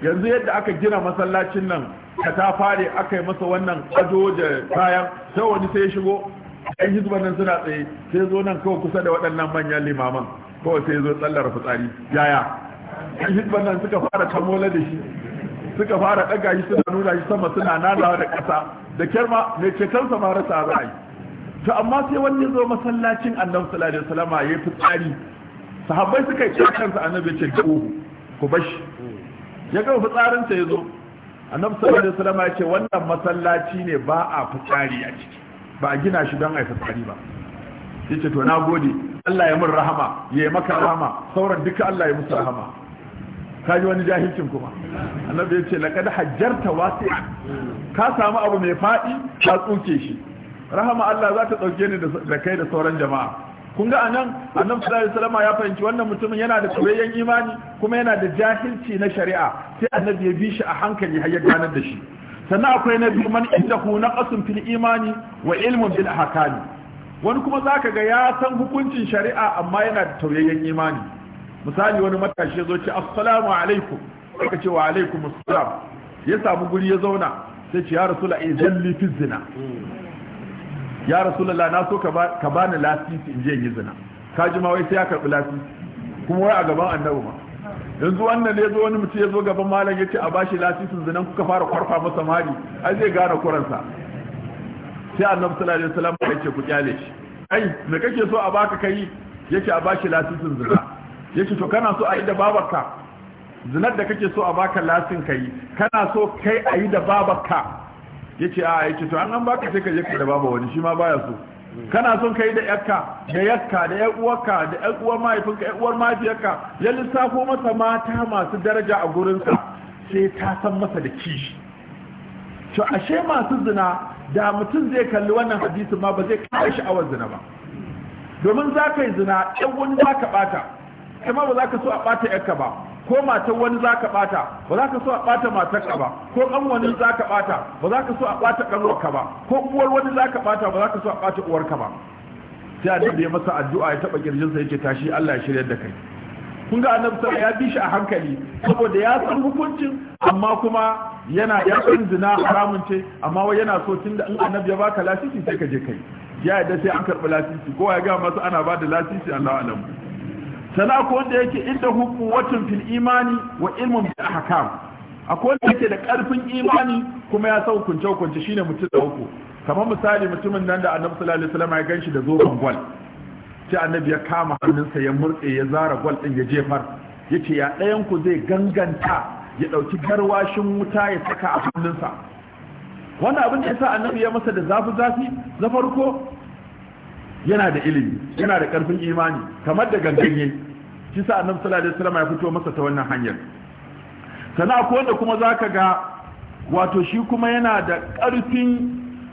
[SPEAKER 1] yanzu yadda aka gina masallacin nan ka ta fare aka yi masa wannan ado da kayan sai wani sai ya shigo ɗan hizban nan suna tsaye sai zo nan kawai kusa da waɗannan manyan limaman kawai sai zo tsallara fitsari yaya ɗan hizban nan suka fara tamola da shi suka fara daga yi suna nuna shi sama suna nanawa da ƙasa da kyarma mai ceton sa za rasa to amma sai wani ya zo masallacin annabi sallallahu alaihi wasallam ya fitsari sahabbai suka yi kansa annabi ce ga ku bashi ya ga fitsarin sa ya zo annabi sallallahu alaihi wasallam ya ce wannan masallaci ne ba a fitsari a ciki ba a gina shi don a yi fitsari ba yace to na gode Allah ya mun rahama ya yi maka rahama sauran duka Allah ya musu rahama Ka ji wani jahilcin kuma annabi ya ce laqad hajjarta wasi'a ka samu abu mai faɗi, ka tsuke shi rahama Allah za ta dauke ni da kai da sauran jama'a kun ga anan annabi sallallahu alaihi ya fahimci wannan mutumin yana da soyayyen imani kuma yana da jahilci na shari'a sai annabi ya bi shi a hankali har ya ganar da shi sannan akwai na biyu man na naqasun fil imani wa ilmun bil hakani. wani kuma zaka ga ya san hukuncin shari'a amma yana da tauyayyen imani misali wani matashi ya zo ce assalamu alaikum aka ce wa alaikum assalam ya samu guri ya zauna sai ce ya rasula in zalli fi zina ya rasulullah na so ka bani lasisi in je yi zina ka ji ma wai sai ya karbi lasisi kuma wai a gaban annabi ma yanzu wannan ne zo wani mutum ya zo gaban malam ya ce a bashi lasisin zinan kuka fara kwarfa masa mari ai zai gane kuransa sai annabi sallallahu alaihi wasallam ya ce ku kyale shi ai me kake so a baka kai yake a bashi lasisin zina ya ce to kana so a yi da babarka zinar da kake so a baka lasin ka yi kana so kai a yi da babarka ya ce a yake to an an baka sai ka je ka da baba wani shi ma baya so kana son ka yi da yakka da yakka da yan uwarka da yan uwar mahaifinka yan uwar mahaifiyarka ya lissafo masa mata masu daraja a gurinsa sai ta san masa da kishi to ashe masu zina da mutum zai kalli wannan hadisi ma ba zai kare sha'awar zina ba domin za ka yi zina ɗan wani za ka ɓata kai ma ba za ka so a ɓata yarka ba ko matan wani za ka ɓata ba za ka so a ɓata matarka ba ko ɗan wani za ka ɓata ba za ka so a ɓata ɗanwarka ba ko uwar wani za ka ɓata ba za ka so a ɓata uwarka ba sai annabi ya masa addu'a ya taɓa ƙirjinsa yake tashi Allah ya shirya da kai kun ga annabi ya bi shi a hankali saboda ya san hukuncin amma kuma yana ya san zina haramun ce amma wai yana so tunda in annabi ya baka lasisi sai ka je kai ya yadda sai an karɓi lasisi kowa ya ga masu ana ba da lasisi Allah alam sana akwai wanda yake inda hukmu watan fil imani wa ilmun bi ahkam akwai wanda yake da karfin imani kuma ya sau kunce kunce shine mutum da uku kamar misali mutumin nan da annabi sallallahu alaihi wasallam ya ganshi da zoban gwal sai annabi ya kama hannunsa ya murtse ya zara gwal din ya jefar yace ya ɗayanku ku zai ganganta ya ɗauki garwashin wuta ya saka a hannunsa wannan abin da yasa annabi ya masa da zafi zafi na farko yana da ilimi yana da karfin imani kamar da ganganye shi sa annabi sallallahu alaihi ya fito masa ta wannan hanyar sana ko wanda kuma zaka ga wato shi kuma yana da karfin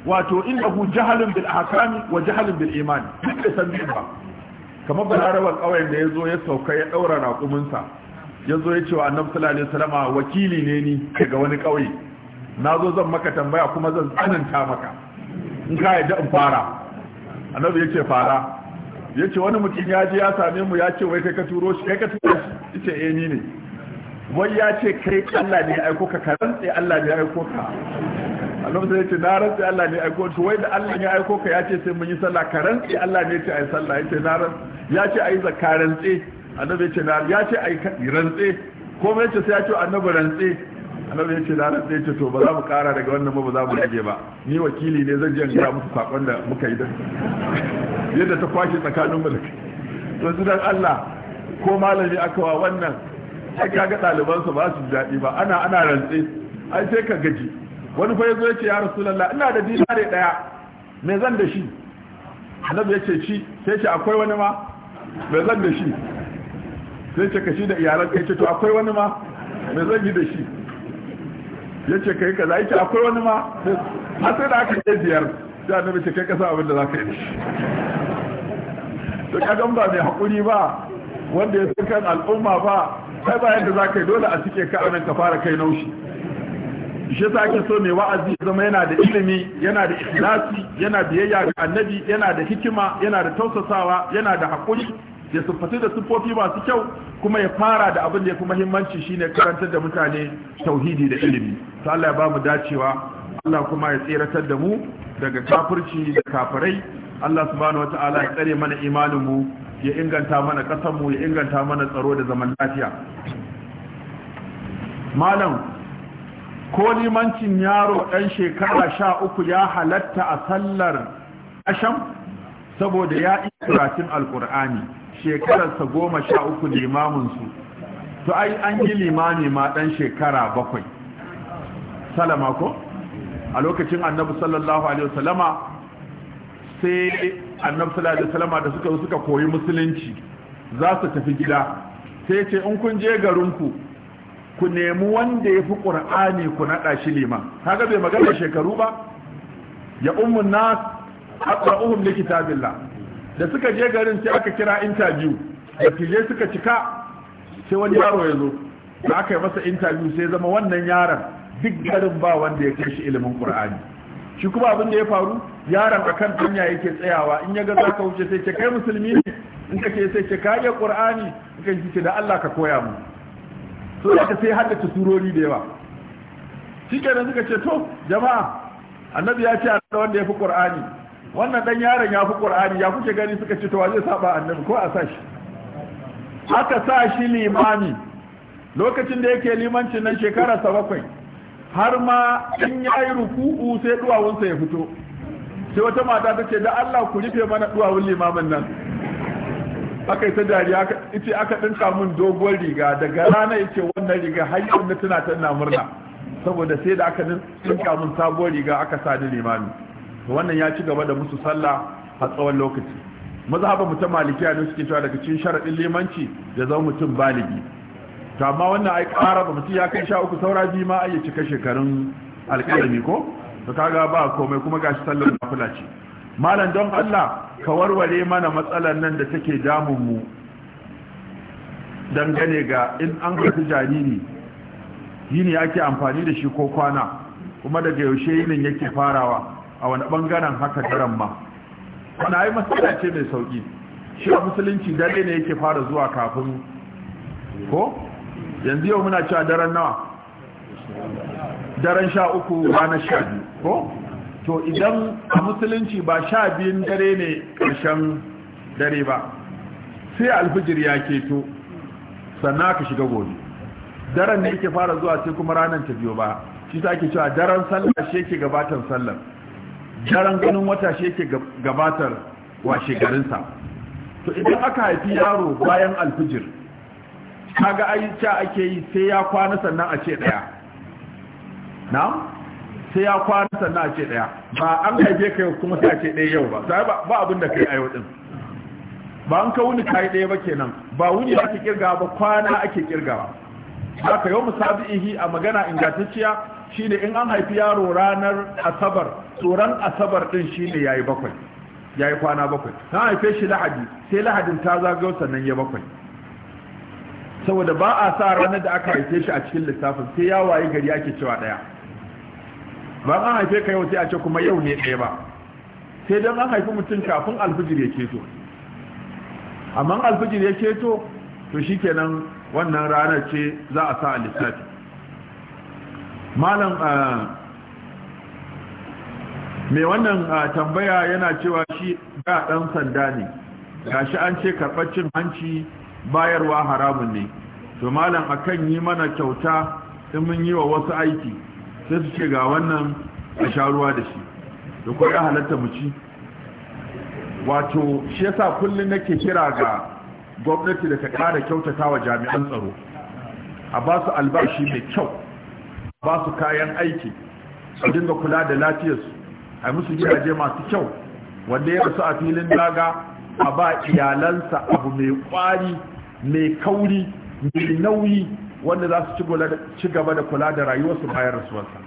[SPEAKER 1] wato hu jahalun bil ahkami wa jahalun bil imani duk da san ba kamar balarabar ƙauyen da yazo ya sauka ya daura raƙumin sa yazo ya ce wa annabi sallallahu alaihi wasallam wakili ne ni daga wani kauye nazo zan maka tambaya kuma zan tsananta maka in ka yadda in fara annabi yake fara yace wani mutum ya je ya same mu ya ce wai kai ka turo shi kai ka turo shi yace eh ni ne wai ya ce kai Allah ne ya aiko ka ka rantse Allah ne ya aiko ka annabi sai yace na rantse Allah ne ya aiko to wai da Allah ne ya aiko ka ya ce sai mun yi sallah ka rantse Allah ne ya ce ai sallah yace na rantse ya ce ai zakka rantse annabi yace na ya ce ai rantse ko mai yace sai ya ce annabi rantse annabi ya ce da ranar ya ce to ba za mu ƙara daga wannan ba ba za mu rage ba ni wakili ne zan je in musu muku sakon da muka yi da yadda ta kwashe tsakanin mu da su dan Allah ko malami aka wa wannan sai kaga daliban su ba su daɗi ba ana ana rantse ai sai ka gaji wani fa yazo yace ya rasulullah ina da dinare daya me zan da shi annabi yace shi sai ce akwai wani ma me zan da shi sai ce ka shi da iyalan kai ce to akwai wani ma me zan yi da shi ya ce kai kaza yake akwai wani ma har sai da aka yi biyar sai annabi ce kai kasa abin da za ka yi to kagan ba mai haƙuri ba wanda ya san kan al'umma ba sai ba yadda za ka yi dole a cike ka nan ka fara kai naushi shi yasa ake so mai wa'azi zama yana da ilimi yana da ikhlasi yana biyayya ga annabi yana da hikima yana da tausasawa yana da haƙuri ya siffatu da siffofi masu kyau kuma ya fara da abin da ya fi muhimmanci shine karantar da mutane tauhidi da ilimi ta Allah ya ba mu dacewa Allah kuma ya tseratar da mu daga kafirci da kafirai Allah subhanahu wataala ya tsare mana imanin mu ya inganta mana ƙasar mu ya inganta mana tsaro da zaman lafiya malam ko limancin yaro ɗan shekara sha uku ya halatta a sallar asham saboda ya iya karatun alkur'ani shekararsa goma sha uku limaminsu to ai an yi limami ma ɗan shekara bakwai salama ko a lokacin annabi sallallahu alaihi wasallama sai annabi sallallahu alaihi wasallama da suka suka koyi musulunci za su tafi gida sai ce in kun je garinku ku nemi wanda ya fi ƙur'ani ku naɗa shi liman kaga bai magana shekaru ba ya ummun nas aqra'uhum likitabillah da suka je garin sai aka kira interview da fije suka cika sai wani yaro ya zo da aka yi masa interview sai zama wannan yaron duk garin ba wanda ya kai shi ilimin qur'ani shi kuma abin da ya faru yaron akan hanya yake tsayawa in ya ga za ka wuce sai ce kai musulmi ne in ka ce sai ce ka yi qur'ani in ka ce da Allah ka koya mu so da sai haddace surori da yawa shi kenan suka ce to jama'a annabi ya ce a wanda ya fi qur'ani wannan dan yaron ya fi ƙur'ani ya kuke gani suka ce tawa zai saba annabi ko a sa shi aka sa shi limami lokacin da yake limancin nan shekara sa bakwai har ma in ya yi ruku'u sai duwawunsa ya fito sai wata mata ta ce da Allah ku rufe mana duwawun limamin nan aka yi ta dariya ita aka ɗinka min doguwar riga daga rana ya ce wannan riga har yau na tuna ta ina murna saboda sai da aka ɗinka min sabuwar riga aka sa ni limami to wannan ya ci gaba da musu sallah a tsawon lokaci mazhaban mu ta malikiya ne suke cewa daga cikin sharadin limanci ya zama mutum baligi to amma wannan ai ƙara ba mutum ya kai sha uku saura biyu ma ai ya cika shekarun alƙalami ko to kaga ba komai kuma gashi sallar nafila ce malam don Allah ka warware mana matsalar nan da take damun mu dangane ga in an haifi jariri yini ake amfani da shi ko kwana kuma daga yaushe yinin yake farawa a wani bangaren haka daren ma wani ayi matsala ce mai sauki shi a musulunci dare ne yake fara zuwa kafin ko yanzu yau muna cewa daren nawa daren sha uku na sha biyu ko to idan a musulunci ba sha biyun dare ne ƙarshen dare ba sai alfijir ya keto sannan ka shiga gobe daren ne yake fara zuwa sai kuma ranar ta biyo ba shi sa ake cewa daren sallah shi yake gabatan sallah jaran ganin wata shi yake gabatar washe garinsa to idan aka haifi yaro bayan alfijir kaga ayyuka ake yi sai ya kwana sannan a ce daya na'am sai ya kwana sannan a ce daya ba an haife ka kuma sai a ce daya yau ba sai ba abin da kai a yau din ba an ka wuni kai daya ba kenan ba wuni ake kirga ba kwana ake kirgawa haka yau musabihi a magana ingantacciya shine in an haifi yaro ranar asabar tsoron asabar din shine yayi bakwai yayi kwana bakwai na haife shi lahadi sai lahadin ta zagayo sannan ya bakwai saboda ba a sa ranar da aka haife shi a cikin lissafin sai ya waye gari ake cewa daya ba an haife ka yau sai a ce kuma yau ne ɗaya ba sai don an haifi mutum kafin alfijir ya keto amma alfijir ya keto to shikenan wannan ranar ce za a sa a lissafi malam ah, mai wannan ah, tambaya yana cewa shi da ɗan sanda ne gashi an ce karɓar cin hanci bayarwa haramun ne to malam akan yi mana kyauta in mun yi wa wasu aiki sai su ce ga wannan a sha ruwa da shi da kuma ya halatta mu ci wato shi yasa kullum nake kira ga gwamnati da ta ƙara kyautata wa jami'an tsaro a ba su albashi mai kyau ba su kayan aiki su dinga kula da lafiyarsu a musu gidaje masu kyau wanda ya rasu a filin daga a ba iyalansa abu mai kwari mai kauri mai nauyi wanda za su ci gaba da kula da rayuwarsu bayan rasuwarsa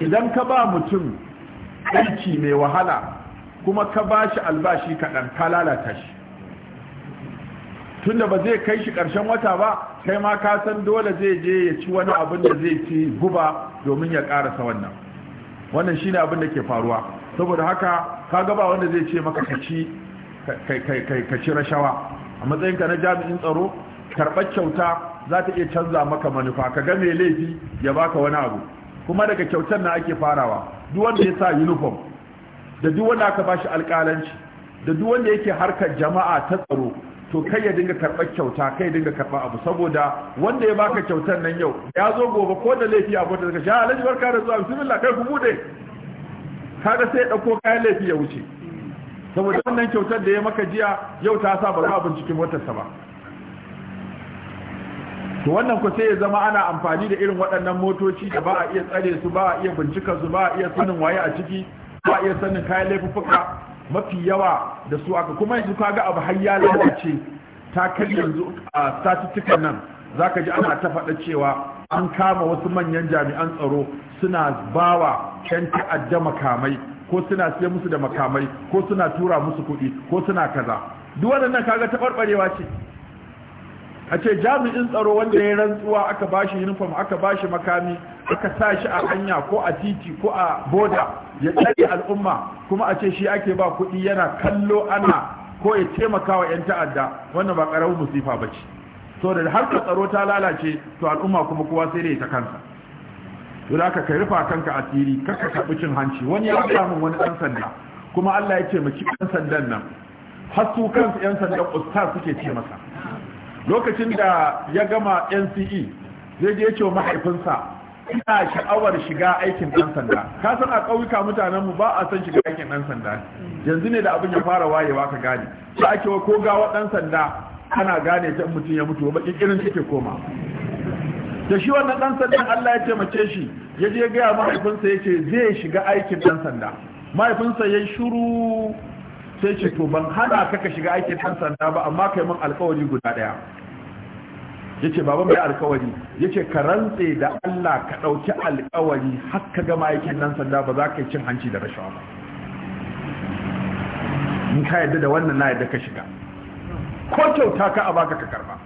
[SPEAKER 1] idan ka ba mutum aiki mai wahala kuma ka ba shi albashi kaɗan ka lalata shi tunda ba zai kai shi ƙarshen wata ba kai ma ka san dole zai je ya ci wani abin da zai ci guba domin ya karasa wannan wannan shine abin da ke faruwa saboda haka ka ga gaba wanda zai ce maka ka ci ka ci rashawa a matsayin ka na jami'in tsaro karɓar kyauta za ta iya canza maka manufa ka ga mai laifi ya baka wani abu kuma daga kyautar na ake farawa duk wanda ya sa uniform da duk wanda aka bashi alƙalanci da duk wanda yake harkar jama'a ta tsaro to kai ya dinga karɓar kyauta kai dinga karɓar abu saboda wanda ya baka kyautar nan yau ya zo gobe ko da laifi abu da daga sha alhaji barka da zuwa bismillah kai ku bude kaga sai ya dauko kayan laifi ya wuce saboda wannan kyautar da ya maka jiya yau ta sa ba za a binciki motarsa ba to wannan ku sai ya zama ana amfani da irin waɗannan motoci da ba a iya tsare su ba a iya bincika su ba a iya sanin waye a ciki ba a iya sanin kayan laifuffuka mafi yawa da su aka kuma yanzu kaga abu har ya lalace ta kan yanzu a statistikan nan zaka ji ana ta faɗa cewa an kama wasu manyan jami'an tsaro suna bawa 'yan ta'adda makamai ko suna siya musu da makamai ko suna tura musu kuɗi ko suna kaza duk wannan kaga taɓarɓarewa ce a ce jami'in tsaro wanda ya rantsuwa aka bashi uniform aka ba shi makami aka sa shi a hanya ko a titi ko a boda ya tsare al'umma kuma a ce shi ake ba kuɗi yana kallo ana ko ya taimaka wa 'yan ta'adda wannan ba ƙaramin musifa ba ce so da har ka tsaro ta lalace to al'umma kuma kowa sai dai ta kansa to da ka kai rufa kanka asiri kaka karɓi cin hanci wani ya samu wani ɗan sanda kuma Allah ya ce maki ɗan sandan nan har su kansu 'yan sandan ustaz suke ce masa lokacin da ya gama NCE zai je cewa mahaifinsa ina sha'awar shiga aikin ɗan sanda ka san a ƙauyuka mutanen mu ba a san shiga aikin ɗan sanda yanzu ne da abin ya fara wayewa ka gane a ake wa ko gawa ɗan sanda ana gane ta mutum ya mutu ba irin take koma da shi wannan ɗan sandan Allah ya taimake shi ya je gaya mahaifinsa ya ce zai shiga aikin ɗan sanda mahaifinsa ya shiru sai ce to ban hada ka ka shiga aikin ɗan sanda ba amma kai mun alkawari guda ɗaya yace baban bai alkawari yace ka rantse da Allah ka ɗauki alkawari har ka gama aikin dan sanda ba za ka yi cin hanci da rashawa ba in ka yadda da wannan na yadda ka shiga ko kyauta ka a baka ka karba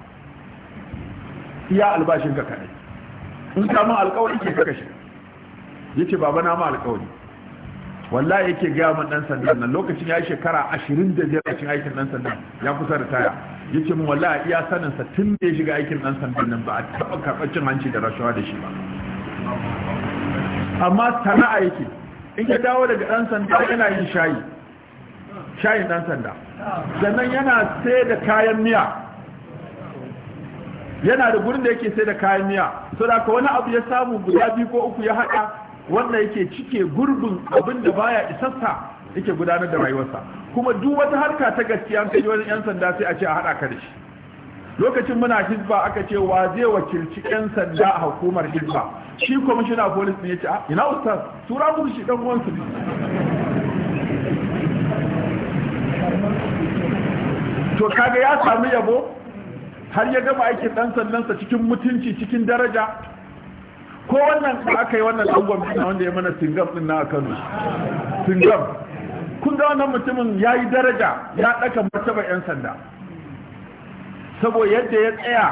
[SPEAKER 1] iya albashin ka kare. in ka mun alkawari ke ka shiga yace baba na ma alkawari wallahi yake gaya min dan sanda nan lokacin ya shekara 25 a cikin aikin dan sanda ya kusa ritaya yace min wallahi iya sanin sa tun da ya shiga aikin dan sanda nan ba a taba karɓar cin hanci da rashawa da shi ba amma sana'a yake in ka dawo daga dan sanda yana yin shayi shayin dan sanda
[SPEAKER 3] sannan yana sai
[SPEAKER 1] da kayan miya yana da gurin da yake sai da kayan miya saboda wani abu ya samu guda biyu ko uku ya haɗa wanda yake cike gurbin abin da baya isassa yake gudanar da rayuwarsa kuma duk wata harka ta gaskiya an kai wajen yan sanda sai a ce a hada ka da shi lokacin muna hizba aka ce wa zai wakilci yan sanda a hukumar hizba shi kwamishina police ne ya ce ah, ina ustaz tura mu shi dan uwansu to kaga ya samu yabo har ya gama aikin dan sandansa cikin mutunci cikin daraja ko wannan da aka yi wannan dangon na wanda ya mana singam din na a Kano singam kun ga wannan mutumin ya yi daraja ya ɗaka martaba 'yan sanda saboda yadda ya tsaya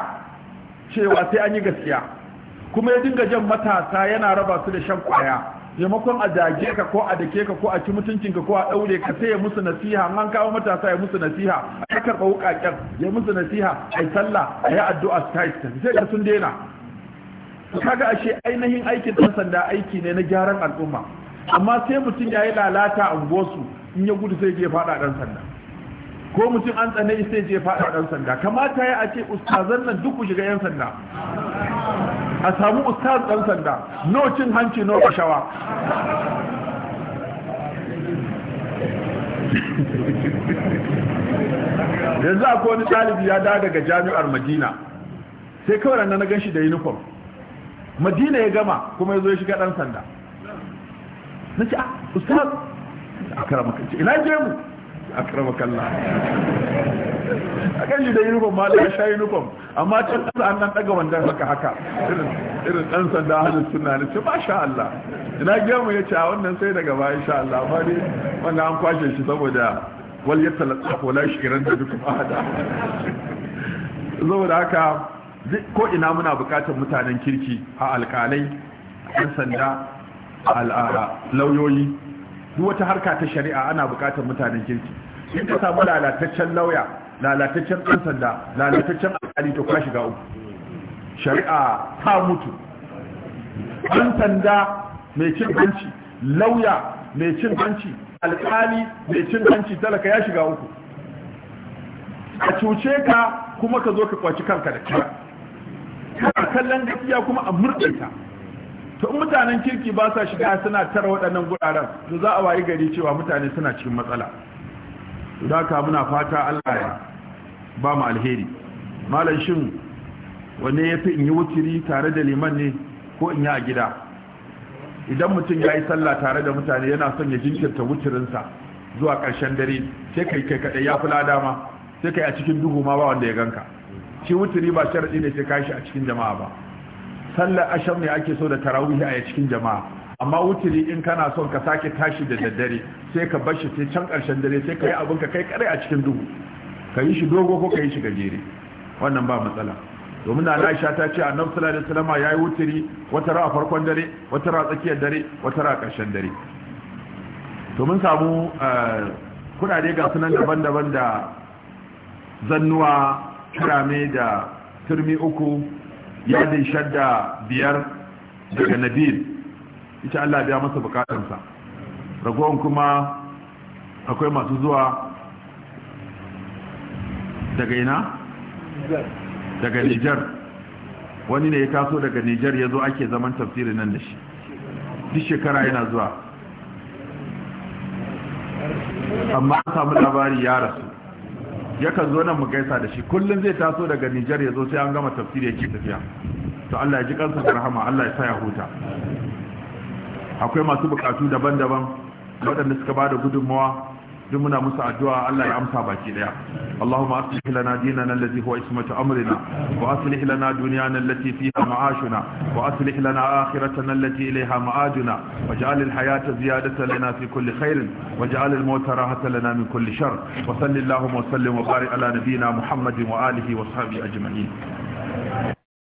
[SPEAKER 1] cewa sai an yi gaskiya kuma ya dinga jan matasa yana raba su da shan kwaya maimakon a dage ka ko a dake ka ko a ci mutuncin ka ko a daure ka sai ya musu nasiha an kawo matasa ya musu nasiha a karɓa wukaken ya musu nasiha a yi sallah a yi addu'a su ta sai ka sun daina kaga ashe ainihin aikin ɗan sanda aiki ne na gyaran al'umma amma sai mutum ya yi lalata a unguwarsu in ya gudu sai je faɗa ɗan sanda ko mutum an tsane sai je faɗa ɗan sanda kamata ya a ce ustazan nan duk ku shiga yan sanda a samu ustaz ɗan sanda no cin hanci no shawa? yanzu akwai wani ɗalibi ya da daga jami'ar madina sai kawai na gan shi da uniform madina ya gama kuma ya zo ya shiga dan sanda na ce ah ustaz akaramakan ce ina je mu akaramakan la a kan shi da uniform ma da ya sha uniform amma can kasa an nan daga wandan haka haka irin dan sanda hannun suna ne ce masha Allah ina gemu ya ce a wannan sai daga ba insha Allah amma dai wannan an kwashe shi saboda wal yatalaqa wala shirin da dukkan ahada saboda haka ko ina muna bukatar mutanen kirki a alkalai yan sanda al'ada lauyoyi duk wata harka ta shari'a ana bukatar mutanen kirki in ka samu lalataccen lauya lalataccen ɗan sanda lalataccen alkali to kwashi shiga uku shari'a ta mutu ɗan sanda mai cin hanci lauya mai cin hanci alkali mai cin hanci talaka ya shiga uku a cuce ka kuma ka zo ka kwaci kanka da kira kana kallon gaskiya kuma a murɗaita to mutanen kirki ba sa shiga suna tara waɗannan guraren to za a wayi gari cewa mutane suna cikin matsala to da ka muna fata Allah ya ba mu alheri malam shin wanne fi in yi wuciri tare da liman ne ko in yi a gida idan mutum ya yi sallah tare da mutane yana son ya jinkirta wucirinsa zuwa ƙarshen dare sai kai kai kaɗai ya fi lada ma sai kai a cikin duhu ma ba wanda ya ganka shi wuturi ba sharadi ne sai kashi a cikin jama'a ba sallar asham ne ake so da tarawih a cikin jama'a amma wuturi in kana son ka sake tashi da daddare sai ka bar shi sai can karshen dare sai ka yi abun ka kai kare a cikin duhu ka yi shi dogo ko ka yi shi gajere wannan ba matsala domin na Aisha ta ce Annabi sallallahu Salama ya yi wuturi wata ra'a farkon dare wata ra'a tsakiyar dare wata ra'a karshen dare to mun samu eh, kudade ga sunan daban-daban da zannuwa turame da turmi uku yadin shadda biyar daga nabil ita Allah biya masa bukatarsa ragowar kuma akwai masu zuwa daga ina? daga nijar wani ne ya taso daga nijar ya zo ake zaman tafsirin nan da shi duk shekara yana zuwa amma samu labari ya rasu yakan zo nan mu gaisa da shi kullum zai taso daga Nijar ya zo sai an gama tafsiri yake tafiya to Allah ya ji kansa da rahama Allah ya sa ya huta akwai masu bukatu daban-daban waɗanda suka ba da gudunmawa duk muna musu addu'a Allah ya amsa baki daya Allahumma aslih lana dinana alladhi huwa ismatu amrina wa aslih lana dunyana allati fiha ma'ashuna wa aslih lana akhiratana allati ilayha ma'aduna waj'al al-hayata ziyadatan lana fi kulli khairin waj'al al-mauta rahatan lana min kulli shar wa sallallahu wa sallim wa barik ala nabiyyina Muhammadin wa alihi wa sahbihi ajma'in